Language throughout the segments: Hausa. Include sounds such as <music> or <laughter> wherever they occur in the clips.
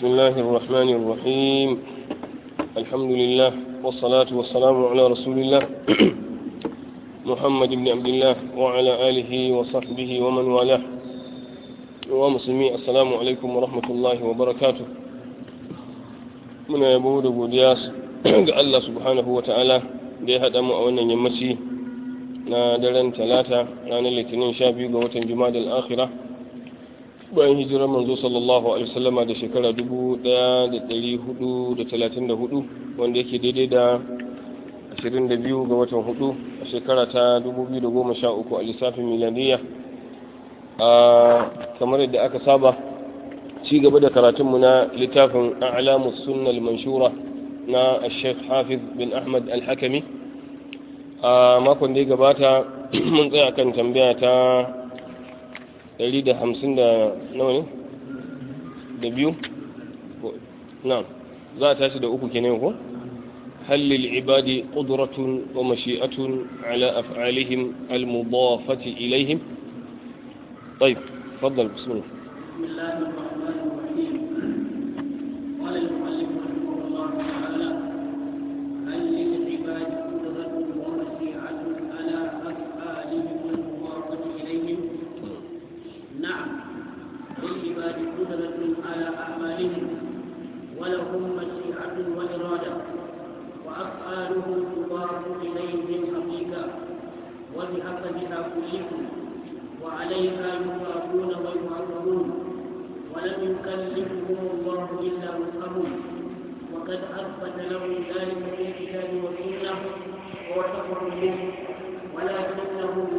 بسم الله الرحمن الرحيم الحمد لله والصلاة والسلام على رسول الله محمد بن عبد الله وعلى آله وصحبه ومن والاه ومسلمي السلام عليكم ورحمة الله وبركاته من يبود بودياس الله سبحانه وتعالى da ya haɗa mu a wannan yammaci na daren talata ranar litinin sha biyu ga watan juma'a da al'akhira bayan hijirar manzo sallallahu alaihi wasallam da shekara 1434 wanda yake daidai da 22 ga watan 4 a shekara ta 2013 a lissafin a kamar yadda aka saba ci gaba da karatunmu na littafin a'lamu sunnal manshura na sheikh hafiz bin ahmad al-hakami a makon da ya gabata mun tsaya kan tambaya ta ɗari da hamsin da nawa ne da biyu na'am za a tashi da uku kenan ko هل للعباد قدرة ومشيئة على أفعالهم المضافة إليهم طيب تفضل بسم الله بسم الله الرحمن الرحيم قال المؤلف لهم مشيئة وإرادة وأفعالهم تضاف إليهم حقيقة وبحسبها كلهم وعليها يثابون ويعظمون ولم يكلفهم الله إلا وسعهم وقد أثبت لهم ذلك في الكتاب والسنة ووثقوا به ولكنهم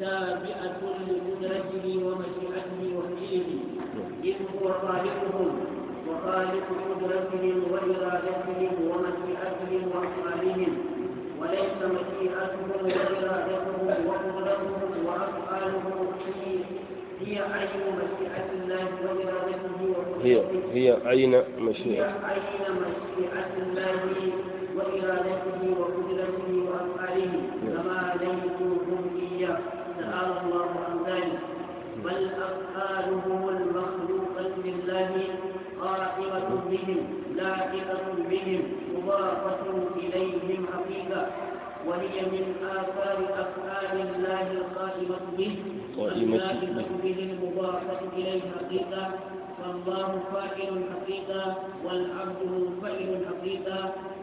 تابعة لقدرته ومشيئته وحكمه إذ هو خالقهم وخالق قدرتهم وإرادتهم ومشيئتهم وأفعالهم وليس مشيئتهم وإرادتهم وقدرتهم وأفعالهم هي عين مشيئة الله وإرادته هي هي عين مشيئة هي عين مشيئة الله وإرادته وقدرته وأفعاله نعم. كما ليس تعالى الله عن ذلك بل أفعالهم المخلوقة لله قائمة بهم لائقة بهم مضافة إليهم حقيقة وهي من آثار أفعال الله القائمة به اللائقة بهم مضافة إليه حقيقة فالله فاعل حقيقة والعبد منفعل حقيقة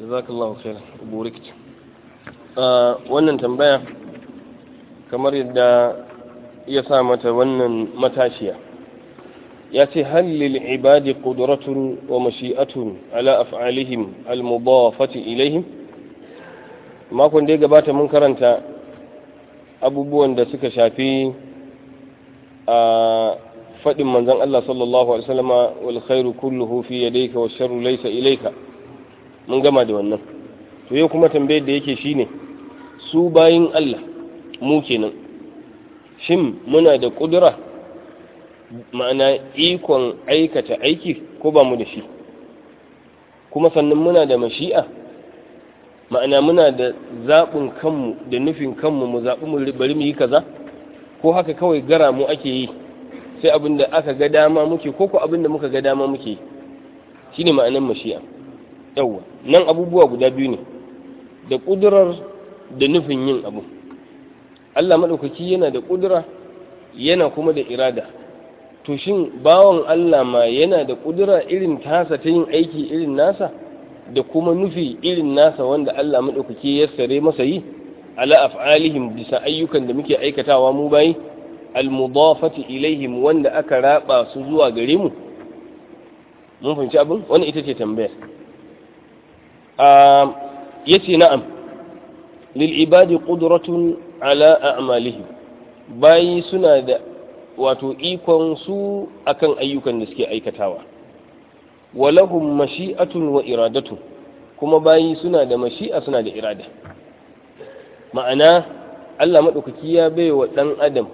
jazakallahu khairan burikta wannan tambaya kamar yadda ya sa mata wannan matashiya ya ce halil ibadi qudratun wa mashi'atun ala af'alihim al-mudafati ilaihim makon da ya gabata mun karanta abubuwan da suka shafi a faɗin manzon Allah sallallahu alaihi wasallama wal khairu kulluhu fi yadayka wash sharru laysa ilayka mun gama da wannan to yau kuma tambayar da yake shine su bayin Allah mu kenan shin muna da kudura ma'ana ikon aikata aiki ko ba mu da shi kuma sannan muna da mashi'a ma'ana muna da zaɓin kanmu da nufin kanmu mu zaɓi mu bari mu yi kaza ko haka kawai gara mu ake yi sai abin da aka ga dama muke ko ko abin da muka ga dama muke shine ma'anar mashi'a yawa nan abubuwa guda biyu ne da ƙudurar da nufin yin abu Allah maɗaukaki yana da ƙudura yana kuma da irada to shin bawan Allah ma yana da ƙudura irin tasa ta yin aiki irin nasa da kuma nufi irin nasa wanda Allah maɗaukaki ya sare masa yi ala af'alihim bisa ayyukan da muke aikatawa mu bayi almudafati ilaihim wanda aka raba su zuwa gare mu mun fahimci abin wannan ita ce tambayar yace na'am lil ibadi qudratun ala a'malihim bayi suna da wato ikon su akan ayyukan da suke aikatawa walahum mashi'atun wa iradatu, kuma bayi suna da mashi'a suna da irada ma'ana Allah maɗaukaki ya bai wa ɗan adam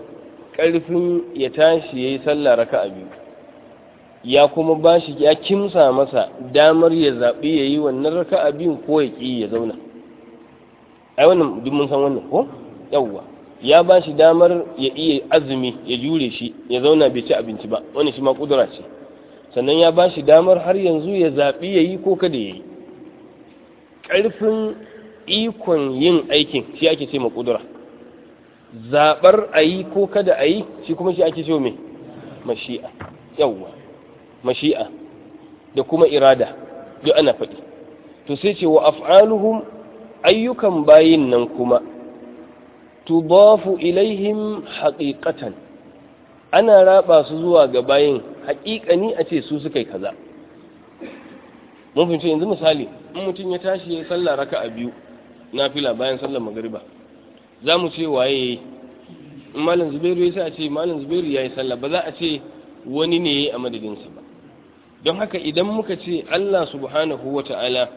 ƙarfin ya tashi ya yi sallah raka'a biyu ya kuma ba shi ya kimsa masa damar ya zaɓi ya yi wannan raka'a biyun ko ya ƙi ya zauna ai wannan duk mun san wannan ko yawwa ya ba shi damar ya iya azumi ya jure shi ya zauna bai ci abinci ba wani shi ma kudura ce sannan ya ba shi damar har yanzu ya zaɓi ya yi ko kada ya yi ƙarfin ikon yin aikin shi ake ce ma kudura zaɓar a yi ko kada a yi shi kuma shi ake ce mai mashi'a yawwa mashi'a da kuma irada duk ana faɗi to sai ce wa af'aluhum ayyukan bayin nan kuma tudafu ilaihim haqiqatan ana raba su zuwa ga bayin haƙiƙani a ce su suka yi kaza mun fice yanzu misali in mutum ya tashi ya salla raka raka'a biyu nafila bayan sallar magariba za mu ce waye in malam zubairu ya ce malam zubairu ya yi sallah ba za a ce wani ne ya yi a madadinsa ba don haka idan muka ce Allah subhanahu wa ta'ala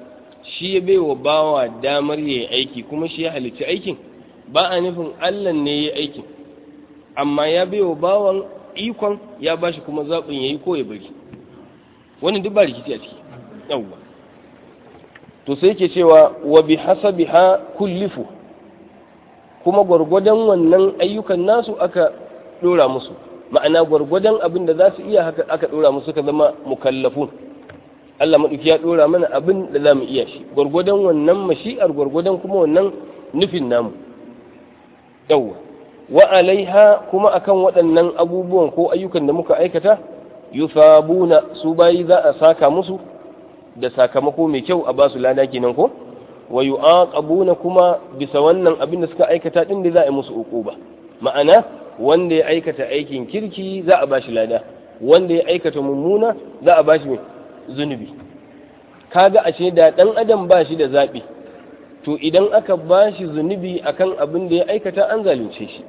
shi ya baiwa bawa damar yayi aiki kuma shi ya halitta aikin ba a nufin Allah ne yayi aikin amma ya baiwa bawan ikon ya ba shi kuma zaɓin yayi ko ya bari Wani duk ba rikici a ciki yawwa to sai ke cewa wa bi ha kullifu kuma gwargwadon wannan ayyukan nasu aka dora musu ma'ana gwargwadon abin da za su iya haka aka dora musu suka zama mukallafu Allah maɗuki ya ɗora mana abin da za mu iya shi gwargwadon wannan mashi'ar gwargwadon kuma wannan nufin namu yawwa wa alaiha kuma akan waɗannan abubuwan ko ayyukan da muka aikata yusabuna su bayi za a saka musu da sakamako mai kyau a basu lada kenan ko wa yu'aqabuna kuma bisa wannan abin da suka aikata ɗin da za a yi musu ba ma'ana wanda ya aikata aikin kirki za a bashi lada wanda ya aikata mummuna za a bashi zunubi kaga ashe da dan adam bashi da zabi to idan aka bashi zunubi akan abin da ya aikata an zalunce shi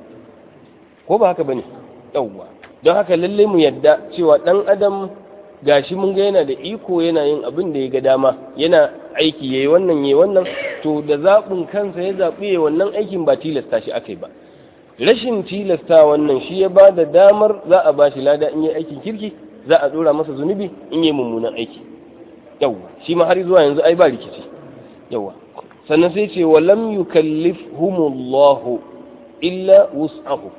ko ba haka bane yawwa don haka lalle mu yadda cewa dan adam gashi mun ga yana da iko yana yin abin da ya ga dama yana aiki yayi wannan yayi wannan to da zaɓin kansa ya zabi wannan aikin ba tilasta shi akai ba rashin tilasta wannan shi ya ba da damar za a ba shi lada in yi aikin kirki za a dora masa zunubi in yi mummunan aiki yawa shi ma har zuwa yanzu ai ba rikici yawa sannan sai ce wa lam yukallifhumullahu illa wus'ahu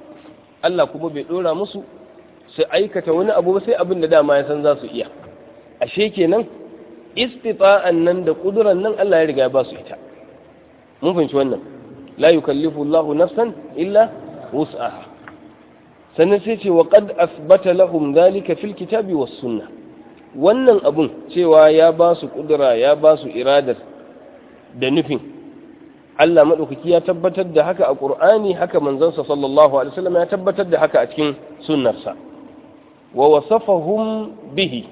Allah kuma bai dora musu su aikata wani abu ba sai abin da dama ya san za su iya ashe kenan istita'an nan da kuduran nan Allah ya riga ya ba su ita mun fahimci wannan la yukallifu Allahu nafsan illa wus'aha sannan sai ce wa qad asbata lahum dhalika fil kitabi was sunnah wannan abun cewa ya ba su kudura ya ba su iradar da nufin Allah maɗaukaki ya tabbatar da haka a ƙur'ani haka manzansa sallallahu alaihi wasallam ya tabbatar da haka a cikin sunnarsa wa wasafahum bihi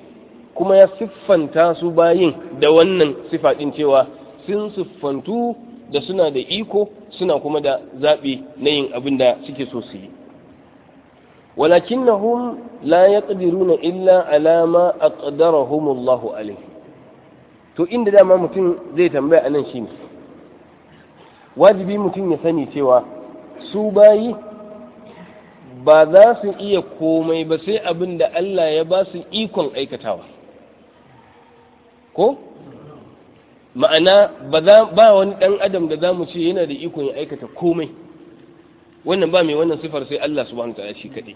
kuma ya siffanta su bayin da wannan sifa cewa sun siffantu da suna da iko suna kuma da zaɓi na yin abin da suke so su yi walakinnahum la yaqdiruna illa alama a aqdarahum Allah alayhi to inda dama mutum zai tambaya anan shine wajibi mutum ya sani cewa su bayi ba za su iya komai ba sai abin da Allah ya ba su ikon aikatawa ko ma'ana ba wani dan adam da zamu mu ce yana da ikon ya aikata komai wannan ba mai wannan sifar sai Allah subhanahu ta'ala shi kaɗai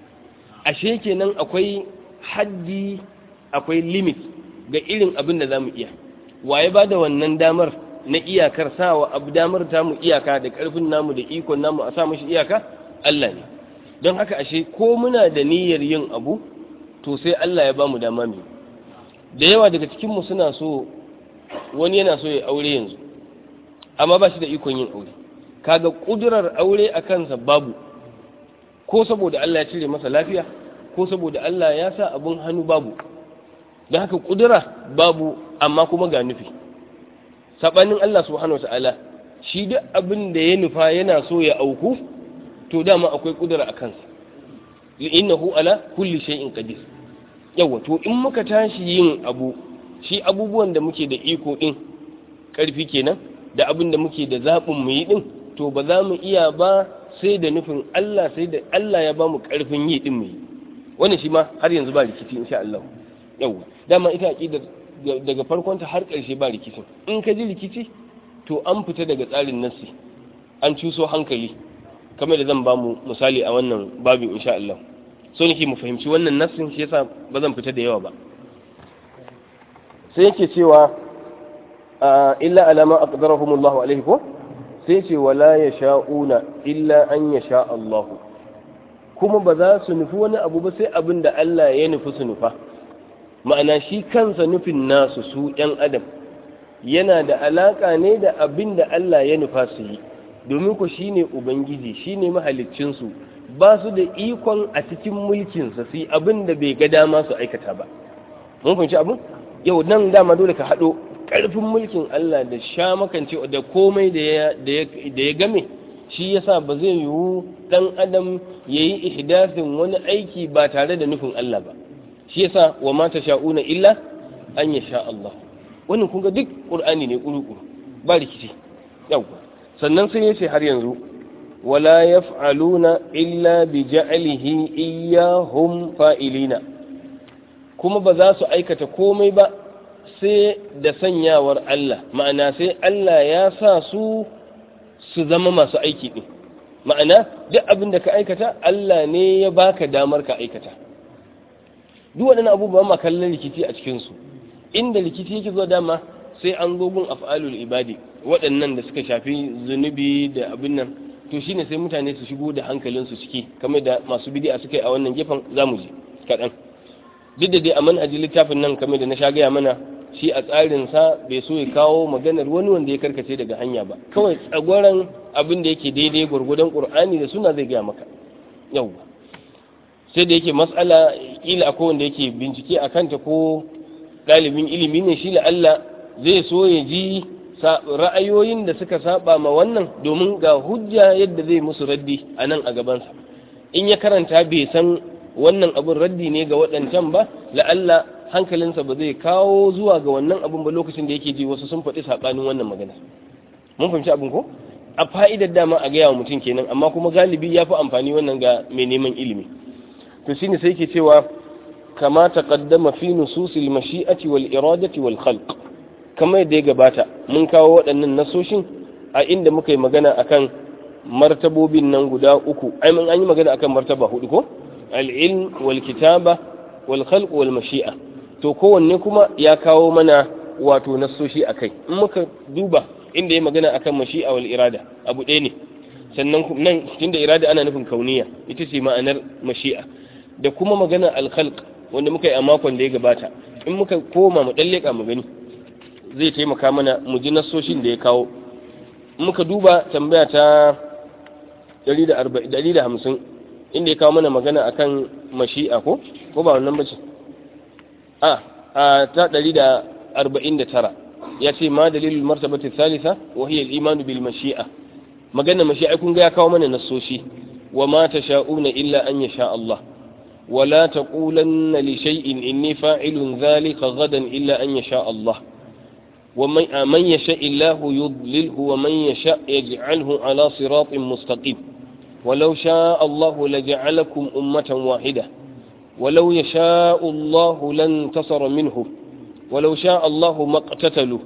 ashe kenan akwai haddi akwai limit ga irin abin da zamu mu iya waye ba da wannan damar na iyakar sawa abu damar ta mu iyaka da karfin namu da ikon namu a sa mashi iyaka Allah ne don haka ashe ko muna da niyyar yin abu to sai Allah ya ba mu dama mu da yawa daga cikin mu suna so wani yana so ya aure yanzu amma ba shi da ikon yin aure kaga kudurar aure a kansa babu ko saboda Allah ya cire masa lafiya ko saboda Allah ya sa abun hannu babu da haka kudura babu amma kuma ga nufi Saɓanin Allah subhanahu wataala shi duk abin da ya nufa yana so ya auku to dama akwai kudura a kansa li'innahu ala kulli shay'in qadir yawa to in muka tashi yin abu shi abubuwan da muke da iko ɗin karfi kenan da abin da muke da zaɓin mu yi ɗin to ba za mu iya ba sai da nufin Allah sai da Allah ya ba mu ƙarfin yi ɗin mu yi wannan shi ma har yanzu ba rikici insha Allah yawa dama ita aqida daga farkonta har karshe ba rikicin in ka ji rikici to an fita daga tsarin nassi an cuso hankali kamar da zan ba mu misali a wannan babin insha Allah so nake mu fahimci wannan nassin shi yasa ba zan fita da yawa ba sai yake cewa illa alama a Allah alaihi ko sai ce wala sha'una, illa an ya Allah kuma ba za su nufi wani abu ba sai abin da Allah ya nufi su nufa ma'ana shi kansa nufin nasu su yan adam yana da alaƙa ne da abin da Allah ya nufa su yi domin ku shi ne ubangiji shi ne mahaliccinsu ba su da ikon a cikin mulkinsa su yi abin da bai ga dama su aikata ba mun fahimci abin yau nan dama dole ka haɗo ƙarfin mulkin Allah da sha makance da komai da ya game shi yasa ba zai yiwu ɗan adam ya yi ihdasin wani aiki ba tare da nufin Allah ba shi yasa wa mata sha'una illa an ya sha Allah wannan kun duk ƙur'ani ne ƙuru ba rikici yau. sannan sun ce har yanzu wala yaf'aluna illa bi ja'alihi iyyahum fa'ilina kuma ba za su aikata komai ba sai da sanyawar Allah ma'ana sai Allah ya sa su su zama masu aiki ɗin ma'ana duk abin da ka aikata Allah ne ya baka damar ka aikata duk waɗannan abubuwan ma kallon likiti a cikinsu inda likiti yake zuwa dama sai an zo gun af'alul ibadi waɗannan da suka shafi zunubi da abin nan to shine sai mutane su shigo da hankalinsu ciki kamar da masu bidi'a suka yi a wannan gefen zamu je kaɗan duk da dai a manhajin littafin nan kamar da na sha gaya mana shi a tsarin sa bai so ya kawo maganar wani wanda ya karkace daga hanya ba kawai tsagoran abin da yake daidai gwargwadon qur'ani da suna zai gaya maka yau sai da yake matsala ila a wanda yake bincike a kanta ko ɗalibin ilimi ne shi Allah zai so ya ji ra'ayoyin da suka saba ma wannan domin ga hujja yadda zai musu raddi a nan a gabansa in ya karanta bai san wannan abun raddi ne ga waɗancan ba la'alla hankalinsa ba zai kawo zuwa ga wannan abun ba lokacin da yake ji wasu sun faɗi saɓanin wannan magana mun fahimci abin ko a fa'idar dama a gaya wa mutum kenan amma kuma galibi ya fi amfani wannan ga mai neman ilimi to shine sai ke cewa kama taqaddama fi nususil mashi'ati wal iradati wal khalq kama yadda ya gabata mun kawo waɗannan nasoshin a inda muka yi magana akan martabobin nan guda uku ai mun an yi magana akan martaba hudu ko al'ilm wal kitaba wal khalq wal mashi'a to kowanne kuma ya kawo mana wato nassoshi akai in muka duba inda ya magana akan mashi'a wal irada abu ɗaya ne sannan nan tunda irada ana nufin kauniya ita ce ma'anar mashi'a da kuma magana al khalq wanda muka yi a makon da ya gabata in muka koma mu dalleka mu gani zai taimaka mana mu ji nassoshin da ya kawo muka duba tambaya ta 150 inda ya kawo mana magana akan mashi'a ko ko ba wannan bace a a ta 149 ya ce ma dalilul martabati thalitha wa hiya al-iman bil mashi'a magana mashi'a kun ga ya kawo mana nasoshi wa ma tasha'una illa an yasha Allah wa la taqulanna li shay'in inni fa'ilun dhalika ghadan illa an yasha Allah ومن يشاء الله يضلله ومن يشاء يجعله على صراط مستقيم ولو شاء الله لجعلكم أمة واحدة ولو يشاء الله لانتصر منه ولو شاء الله ما اقتتلوا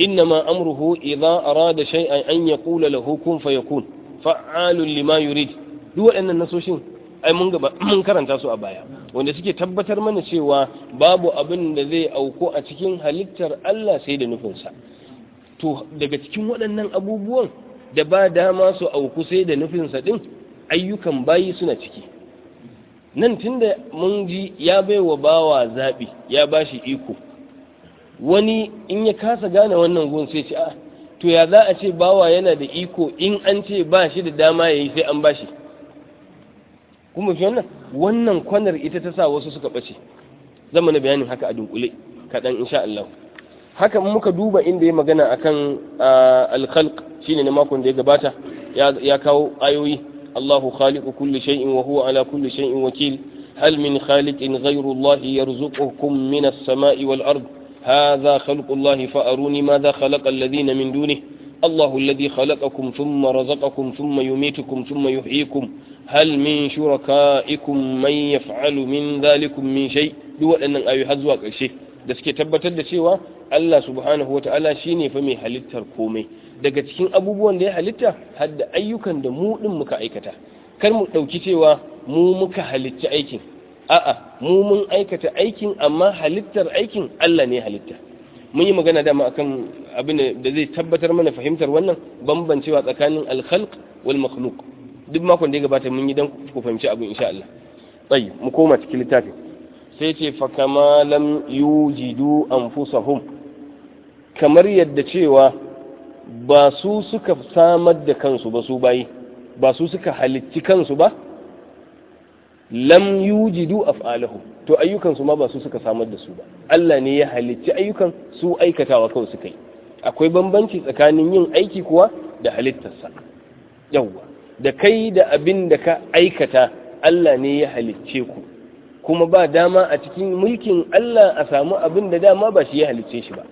إنما أمره إذا أراد شيئا أن يقول له كن فيكون فعال لما يريد duk waɗannan nasoshin ai mun gaba mun karanta su a baya wanda suke tabbatar mana cewa babu abin da zai auko a cikin halittar Allah sai da nufinsa to daga cikin waɗannan abubuwan da ba dama su auku sai da nufinsa ɗin ayyukan bayi suna ciki nan tun da mun ji ya bai wa bawa zaɓi ya ba shi iko wani in ya kasa gane wannan gun sai ce a ah, to ya za a ce bawa yana da iko in an ce ba shi da dama ya yi sai an ba shi kuma fi wannan wannan kwanar ita ta sa wasu suka ɓace zama na bayanin haka a dunkule kaɗan insha Allah haka muka duba inda ya magana akan ah, alkhalq shine na makon da ya gabata ya kawo ayoyi Allahu khaliqu kulli shay'in wa huwa ala kulli shay'in wakil hal min khaliqin ghayru Allah yarzuqukum min as-sama'i wal ard hadha khalqu Allah fa aruni madha khalaqa alladhina min duni الله الذي خلقكم ثم رزقكم ثم يميتكم ثم يحييكم هل من شركائكم من يفعل من ذلك من شيء دول أن أيها الزواج الشيء da suke tabbatar da cewa Allah subhanahu shi ne fa mai halittar komai daga cikin abubuwan da ya halitta har da ayyukan da mu din muka aikata kar mu ɗauki cewa mu muka halitta aikin a'a mu mun aikata aikin amma halittar aikin Allah ne halitta mun yi magana dama akan abin da zai tabbatar mana fahimtar wannan bambancewa tsakanin al wal makhluq duk makon da ya gabata mun yi dan ku fahimci abin insha Allah tsayi mu koma cikin littafin sai ce fa kama lam yujidu anfusahum kamar yadda cewa ba su suka samar da kansu ba su bayi ba su suka halicci kansu ba lam yujidu af'alahu to ayyukan su ma ba su suka samar da su ba Allah ne ya halicci ayyukan su aikatawa kawai suka yi akwai bambanci tsakanin yin aiki kuwa da halittarsa yawwa da kai da abin da ka aikata Allah ne ya halicce ku kuma ba dama a cikin mulkin Allah a samu abin da dama ba shi ya halicce shi ba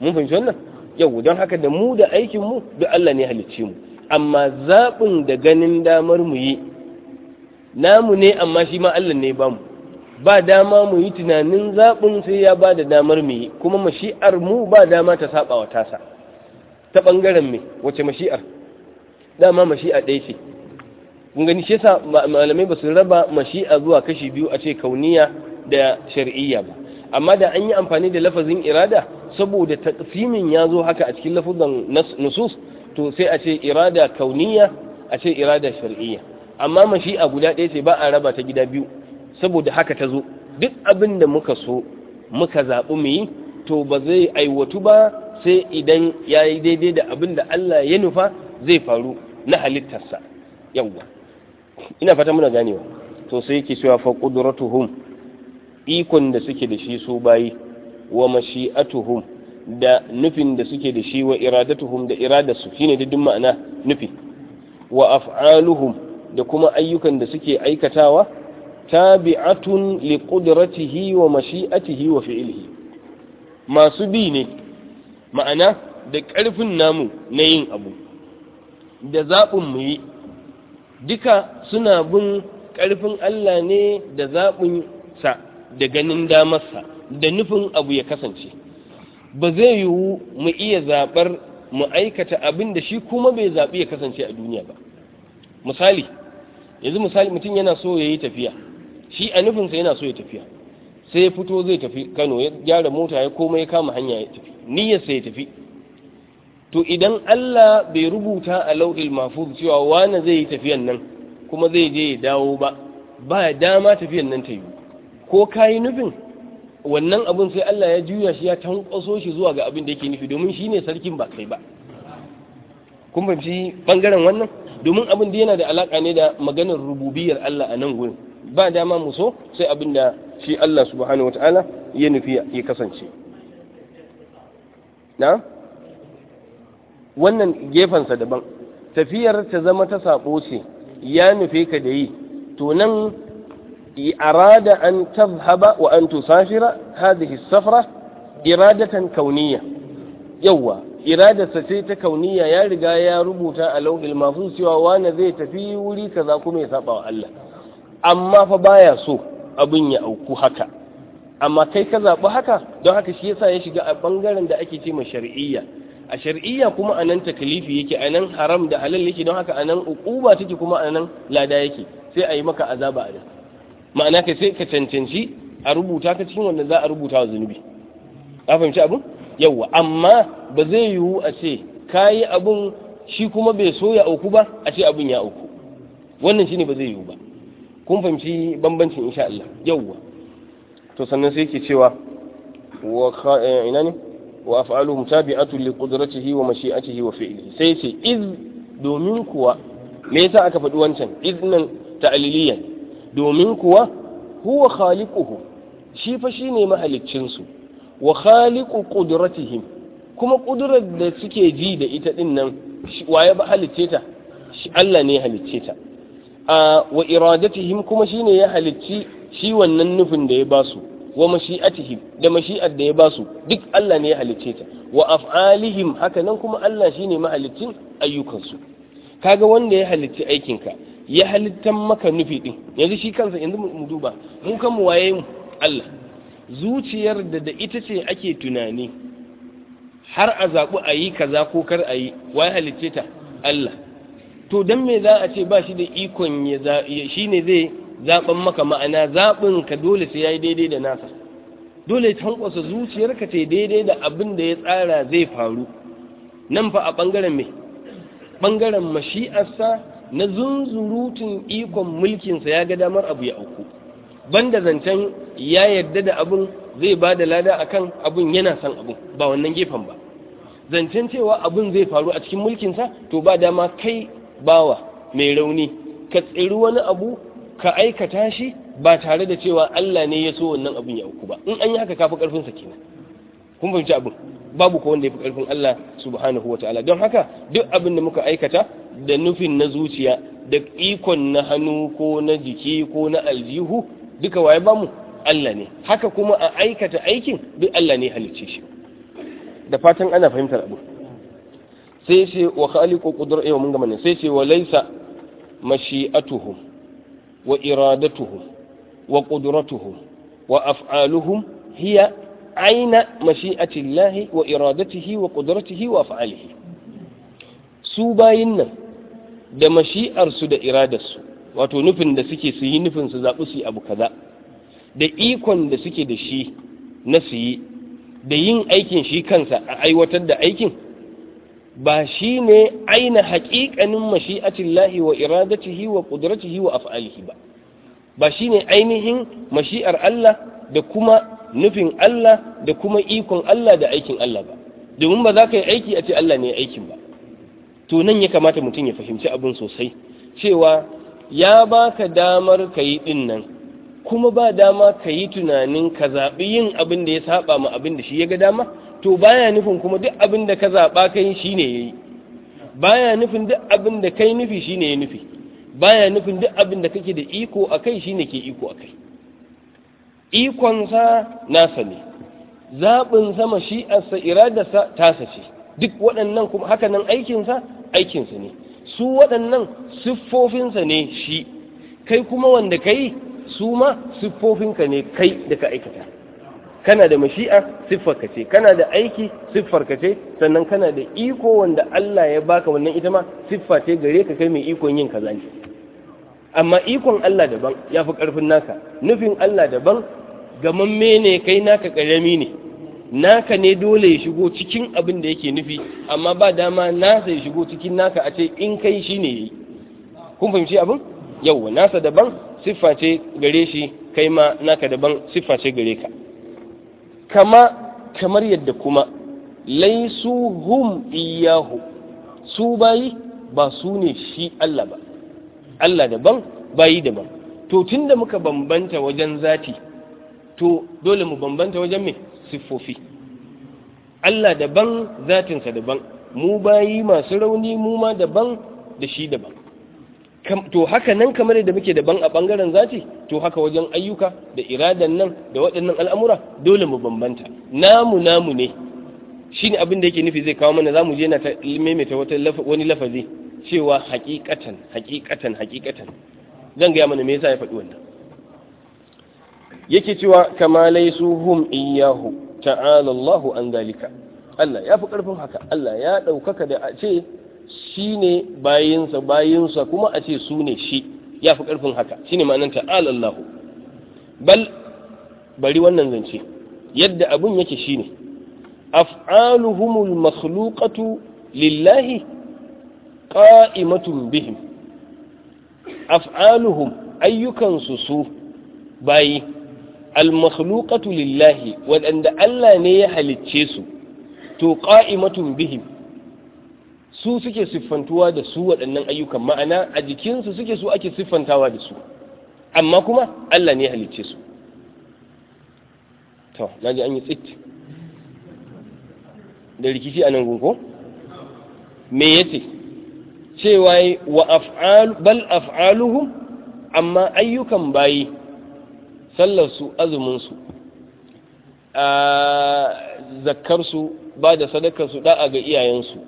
mun fahimci wannan yau don haka da mu da aikin mu duk Allah ne halicce mu amma zaɓin da ganin damar mu yi namu ne amma shi ma Allah ne ba mu ba dama mu yi tunanin zaɓin sai ya ba da damar mu yi kuma mashi'ar mu ba dama ta saɓa wa tasa ta ɓangaren mai wace mashi'ar dama mashi'a ɗaya ce mun gani shi yasa malamai ba su raba mashi'a zuwa kashi biyu a ce kauniya da shar'iyya ba amma da an yi amfani da lafazin irada saboda taqsimin ya zo haka a cikin lafazin nusus to sai a ce irada kauniya a ce irada shar'iyya amma mashi'a guda ɗaya ce ba a raba ta gida biyu saboda haka ta zo duk abin da muka so muka zaɓi mu yi to ba zai aiwatu ba sai idan ya yi daidai da abin da Allah ya nufa zai faru na halittarsa yawwa ina fata muna ganewa to sai yake cewa fa qudratuhum ikon da suke da shi su bayi wa mashi'atuhum da nufin da suke da shi wa iradatuhum da irada su shine da duk ma'ana nufi wa af'aluhum da kuma ayyukan da suke aikatawa tabi'atun li qudratihi wa mashi'atihi wa fi'lihi masu bi ne ma'ana da ƙarfin namu na yin abu da zaɓin mu yi duka suna bin ƙarfin Allah ne da zaɓin sa da ganin damarsa da nufin abu ya kasance ba zai yiwu mu iya zaɓar mu aikata abin da shi kuma bai zaɓi ya kasance a duniya ba misali yanzu misali mutum yana so ya yi tafiya shi a nufinsa yana so ya tafiya sai ya fito zai tafi kano ya gyara mota ya koma ya kama hanya ya tafi niyyarsa ya tafi to idan Allah bai rubuta a lauhil mahfuz cewa wane zai yi tafiyan nan kuma zai je ya dawo ba ba dama tafiyan nan ta yi ko kayi nufin wannan abin sai Allah ya juya shi ya tankwaso shi zuwa ga abin da yake nufi domin shi ne sarkin ba kai ba kun fahimci bangaren wannan domin abin da yana da alaka ne da maganar rububiyar Allah a nan gurin ba dama mu so sai abin da shi Allah subhanahu wataala ya nufi ya kasance na'am wannan gefensa daban tafiyar ta zama ta sabo ce ya nufe ka da yi to nan arada an tazhaba wa an tusafira hadhihi safra iradatan kauniyya yawa sa ce ta kauniya ya riga ya rubuta a lauhil masu cewa wani zai tafi wuri kaza kuma ya saba wa Allah amma fa baya so abin ya auku haka amma kai ka zaɓi haka don haka shi yasa ya shiga a ɓangaren da ake ce ma shar'iyya a shar'iyya kuma anan takalifi yake anan haram da halal yake don haka anan uquba take kuma anan lada yake sai a yi maka azaba a ma'ana kai sai ka cancanci a rubuta ka cikin wanda za a rubuta wa zunubi ka fahimci abin yawa amma ba zai yiwu a ce kayi abun shi kuma bai so ya auku ba a ce abun ya auku wannan shine ba zai yiwu ba kun fahimci bambancin insha Allah yawa to sannan sai yake cewa wa eh, ina ne wa af'aluhum tabi'atun li qudratihi wa mashi'atihi wa fi'lihi sai ce iz domin kuwa me yasa aka faɗi wancan iznan ta'liliyan domin kuwa huwa khaliquhu shi fa shine mahaliccin su wa khaliqu qudratihim kuma kudurar da suke ji da ita din nan waye ba halicce ta Allah ne halicce ta wa iradatihim kuma shine ya halicci ciwon nan nufin da ya basu wa mashi'atihim da mashi'ar da ya ba su duk Allah ne ya halicce ta wa af'alihim haka nan kuma Allah shine mahalicin ayyukansu kaga wanda ya halicci aikinka ya halittan maka nufi din yanzu shi kansa yanzu mu duba mu kan mu waye mu Allah zuciyar da da ita ce ake tunani har a zaɓi a yi kaza ko kar a yi wa ya halicce ta Allah to dan me za a ce ba shi da ikon ya shi ne zai zaɓen maka ma'ana zaɓin ka dole sai ya yi daidai da nasa dole ta hankwasa zuciyarka ce daidai da abin da ya tsara zai faru nan fa a ɓangaren mai ɓangaren mashi'arsa na zunzurutun ikon mulkinsa ya ga damar abu ya auku banda zancen ya yarda da abin zai ba da lada akan abin yana son abin ba wannan gefen ba zancen cewa abin zai faru a cikin mulkinsa to ba dama kai bawa mai rauni ka tsiri wani abu ka aikata shi ba tare da cewa Allah ne ya so wannan abin ya auku ba in an yi haka kafi karfin sa kenan kun fahimci abin babu ko wanda ya fi karfin Allah subhanahu wataala don haka duk abin da muka aikata da nufin na zuciya da ikon na hannu ko na jiki ko na aljihu duka waye bamu Allah ne haka kuma a aikata aikin duk Allah ne halicce shi da fatan ana fahimtar abu sai ce wa khaliqu qudratihi wa mun gama ne sai ce wa laysa mashi'atuhum wa iradatuhum wa qudratuhum wa af'aluhum hiya aina mashi'atillahi wa iradatihi wa qudratihi wa af'alihi su bayan nan da mashi'arsu da iradarsu wato nufin da suke su yi nufin su zaɓi su yi abu kaza da ikon da suke da shi na siyi, da yin aikin shi kansa a aiwatar da aikin ba shi ne aina haƙiƙanin mashi'atin lahi wa iradatihi wa ƙudratihi wa af'alihi ba ba shi ne ainihin mashi'ar Allah da kuma nufin Allah da kuma ikon Allah da aikin Allah ba domin ba za ka yi aiki a ce Allah ne aikin ba to nan ya kamata mutum ya fahimci abin sosai cewa ya baka damar ka yi ɗin nan kuma ba dama ka yi tunanin ka zaɓi yin abin da ya saba ma abin da shi ya ga dama to baya nufin kuma duk abin da ka zaɓa kai shi ne ya yi baya nufin duk abin da kai nufi shi ne ya nufi baya nufin duk abin da kake da iko a kai shi ke iko a kai ikonsa nasa ne zaɓin sama shi asa iradarsa tasa ce duk waɗannan kuma haka aikinsa aikinsa ne su waɗannan siffofinsa ne shi kai kuma wanda kai su ma siffofinka ne kai da ka aikata kana da mashi'a siffarka ce kana da aiki siffarka ce sannan kana da iko wanda Allah ya baka wannan ita ma siffa ce gare ka kai mai ikon yin kaza ne amma ikon Allah daban ya fi ƙarfin naka nufin Allah daban gamamme ne kai naka ƙarami ne naka ne dole ya shigo cikin abin da yake nufi amma ba dama nasa ya shigo cikin naka a ce in kai shi ne yi. kun fahimci abin yau nasa daban siffa ce gare shi kai ma naka daban siffa ce gare ka kama kamar yadda kuma laisu hum iyahu su bayi ba su ne shi Allah ba Allah daban bayi daban to tunda muka bambanta wajen zati to dole mu bambanta wajen me siffofi Allah daban zatinsa daban mu bayi masu rauni mu ma daban da shi daban to haka nan kamar da muke daban a bangaren zati to haka wajen ayyuka da iradan nan da waɗannan al'amura dole mu bambanta namu namu ne shine abin da yake nufi zai kawo mana za mu je na ta maimaita wata wani lafazi cewa hakikatan hakikatan hakikatan zan gaya mana me yasa ya faɗi wannan yake cewa kama laisu hum iyyahu ta'ala Allahu an zalika Allah ya fi karfin haka Allah ya ɗaukaka da a ce shi ne bayinsa bayinsa kuma a ce su ne shi ya fi ƙarfin haka shi ne ma'anar ta'alallahu bal bari wannan zance yadda abin yake shi ne af'aluhumul makhluqatu lillahi bihim af'aluhum ayyukansu su bayi al-makhluqatu lillahi waɗanda Allah ne ya halicce su to ƙa'imatun bihim su suke siffantuwa da su waɗannan ayyukan ma'ana a jikinsu suke su ake siffantawa da su amma kuma Allah ne halicce su to na ji an yi tsit da rikici a nan gunko me yace cewa wa af'al bal af'aluhum amma ayyukan bayi sallarsu su a zakkarsu, ba da sadakarsu su da'a ga iyayensu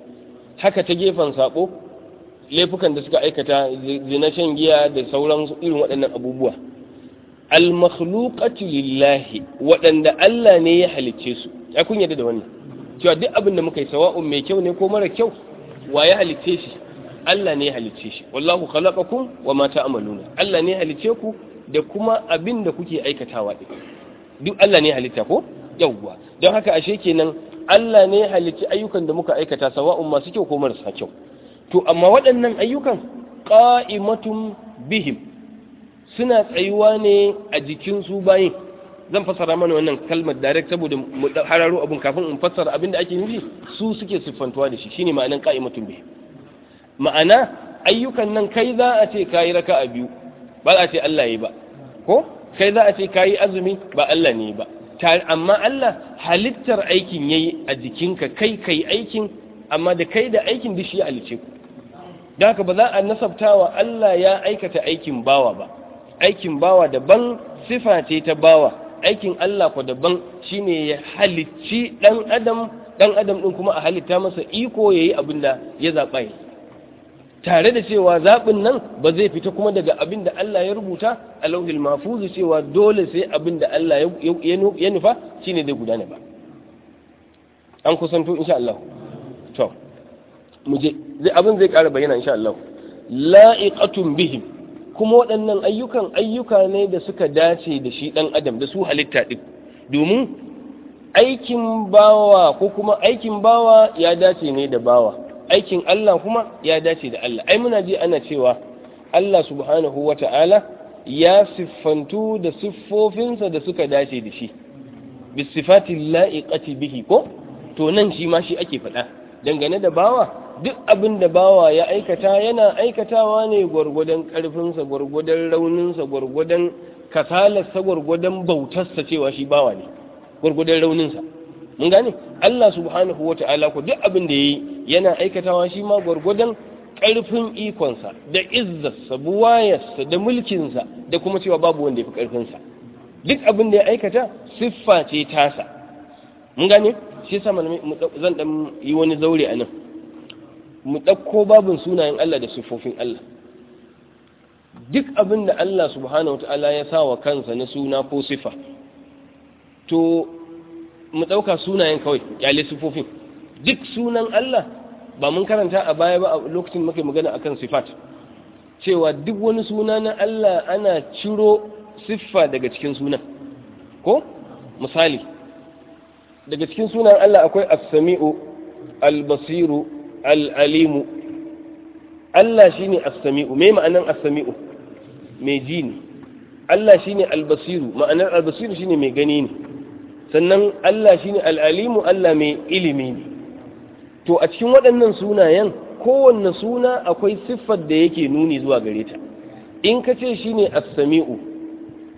haka ta gefen saƙo laifukan da suka aikata zina shan giya da sauran irin waɗannan abubuwa al-makhluqatu lillahi waɗanda Allah ne ya halicce su ya kun yadda da wannan cewa duk abin da muka yi sawa'un mai kyau ne ko mara kyau wa ya halicce shi Allah ne ya halicce shi wallahu khalaqakum wa ma ta'maluna Allah ne ya halicce ku da kuma abin da kuke aikatawa din duk Allah ne ya halitta ko yawwa don haka ashe kenan Allah ne halicci ayyukan da muka aikata sawa'un masu kyau ko marasa kyau to amma waɗannan ayyukan qa'imatun bihim suna tsayuwa ne a jikin su bayin zan fassara mana wannan kalmar direct saboda mu hararo abun kafin in fassara abin da ake nufi su suke siffantuwa da shi shine ma'anan qa'imatun bihim ma'ana ayyukan nan kai za a ce kayi raka'a biyu ba za a ce Allah yi ba ko kai za a ce kayi azumi ba Allah ne ba amma Allah halittar aikin yayi a jikinka kai kai aikin amma da kai da aikin dishi shi ya ku don haka ba za a nasabtawa Allah ya aikata aikin bawa ba aikin bawa daban sifa ce ta bawa aikin Allah ko daban shine ya halicci dan adam dan adam din kuma a halitta masa iko yayi abinda ya zaba yi tare da cewa zaɓin nan ba zai fita kuma daga abin da Allah ya rubuta a lauhil mafuzu cewa dole sai abin da Allah ya nufa shine zai gudana ba an kusanto insha Allah to mu abin zai ƙara bayyana insha Allah la'iqatun bihim kuma waɗannan ayyukan ayyuka ne da suka dace da shi ɗan adam da su halitta ɗin domin aikin bawa ko kuma aikin bawa ya dace ne da bawa aikin Allah kuma ya dace da Allah ai muna ji ana cewa Allah subhanahu wa ta'ala ya siffantu da siffofinsa da suka dace da shi sifati la'iqati bihi ko to nan shi ma shi ake faɗa dangane da bawa duk abin da bawa ya aikata yana aikatawa ne gwargwadon ƙarfinsa gwargwadon rauninsa gwargwadon kasalarsa gwargwadon bautarsa cewa shi bawa ne gwargwadon rauninsa mun gane Allah subhanahu wa ta'ala ko duk abin da yayi yana aikatawa shi ma gwargwadon ƙarfin ikonsa da izzarsa buwayarsa da mulkinsa da kuma cewa babu wanda ya fi ƙarfinsa duk abin da ya aikata siffa ce tasa mun gane shi yasa zan dan yi wani zaure a nan mu ɗauko babin sunayen Allah da siffofin Allah duk abin da Allah subhanahu wa ta'ala ya sa wa kansa na suna ko siffa to mu ɗauka sunayen kawai kyale sufofin. duk sunan Allah ba mun karanta a baya ba a lokacin muke magana akan sifat cewa duk wani suna na Allah ana ciro siffa daga cikin sunan ko misali daga cikin sunan Allah akwai as-sami'u al-basiru al-alimu Allah shine as-sami'u me ma'anan as-sami'u mai ji ne Allah shine al-basiru ma'anar al-basiru shine mai gani ne sannan Allah shi ne al'alimu Allah mai ilimi ne to a cikin waɗannan sunayen kowanne suna akwai siffar da yake nuni zuwa gare ta in ka ce shi ne samiu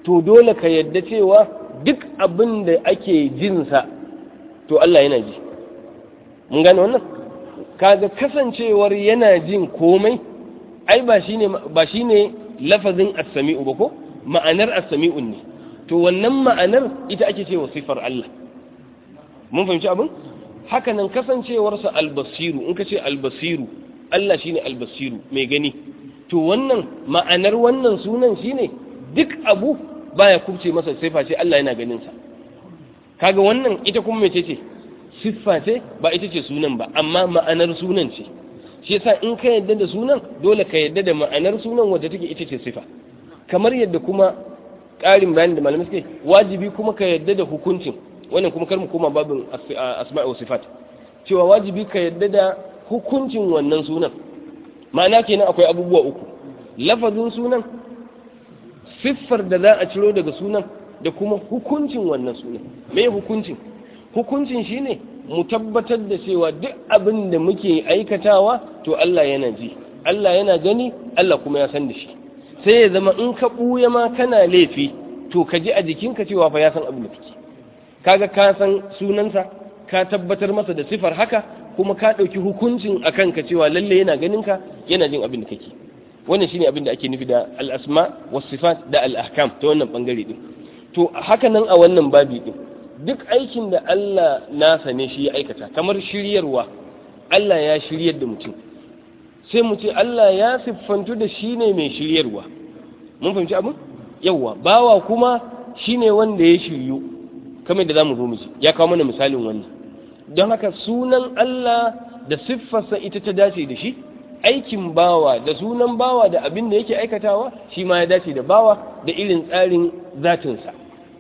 to dole ka yadda cewa duk abin da ake jinsa to Allah yana ji mun gane wannan kaga kasancewar yana jin komai ai ba shi ne lafazin assami'u samiu ba ko ma'anar assami'un ne to wannan ma'anar ita ake cewa sifar Allah mun fahimci abin haka nan kasancewarsa albasiru in ka ce albasiru Allah shine albasiru mai gani to wannan ma'anar wannan sunan shine duk abu baya kubce masa sifa ce Allah yana ganin sa kaga wannan ita kuma mai ce siffa ce ba ita ce sunan ba amma ma'anar sunan ce shi yasa in ka yadda da sunan dole ka yadda da ma'anar sunan wadda take ita ce sifa kamar yadda kuma ƙarin bayani da malamai suke wajibi kuma ka yadda da hukuncin wannan kuma kar mu koma babin asma'i wa sifat cewa wajibi ka yadda da hukuncin wannan sunan ma'ana kenan akwai abubuwa uku lafazin sunan siffar da za a ciro daga sunan da kuma hukuncin wannan sunan me hukuncin hukuncin shine mu tabbatar da cewa duk abin da muke aikatawa to Allah yana ji Allah yana gani Allah kuma ya san da shi sai ya zama in ka ɓuya ma kana laifi to ka ji a jikinka cewa fa ya san abin da ka kaga ka san sunansa ka tabbatar masa da sifar haka kuma ka ɗauki hukuncin a kanka cewa lalle yana ganin ka yana jin abin da kake wannan shine abin da ake nufi da al-asma was sifat da al ta wannan bangare din to haka nan a wannan babi din duk aikin da Allah nasa ne shi ya aikata kamar shiryarwa Allah ya shiryar da mutum sai mu ce Allah ya siffantu da shi ne mai shiryarwa mun fahimci abin yawwa bawa kuma shine wanda ya shiryu kamar da zamu zo mu ji ya kawo mana misalin wani don haka sunan Allah da siffarsa ita ta dace da shi aikin bawa da sunan bawa da abin da yake aikatawa shi ma ya dace da bawa da irin tsarin zatinsa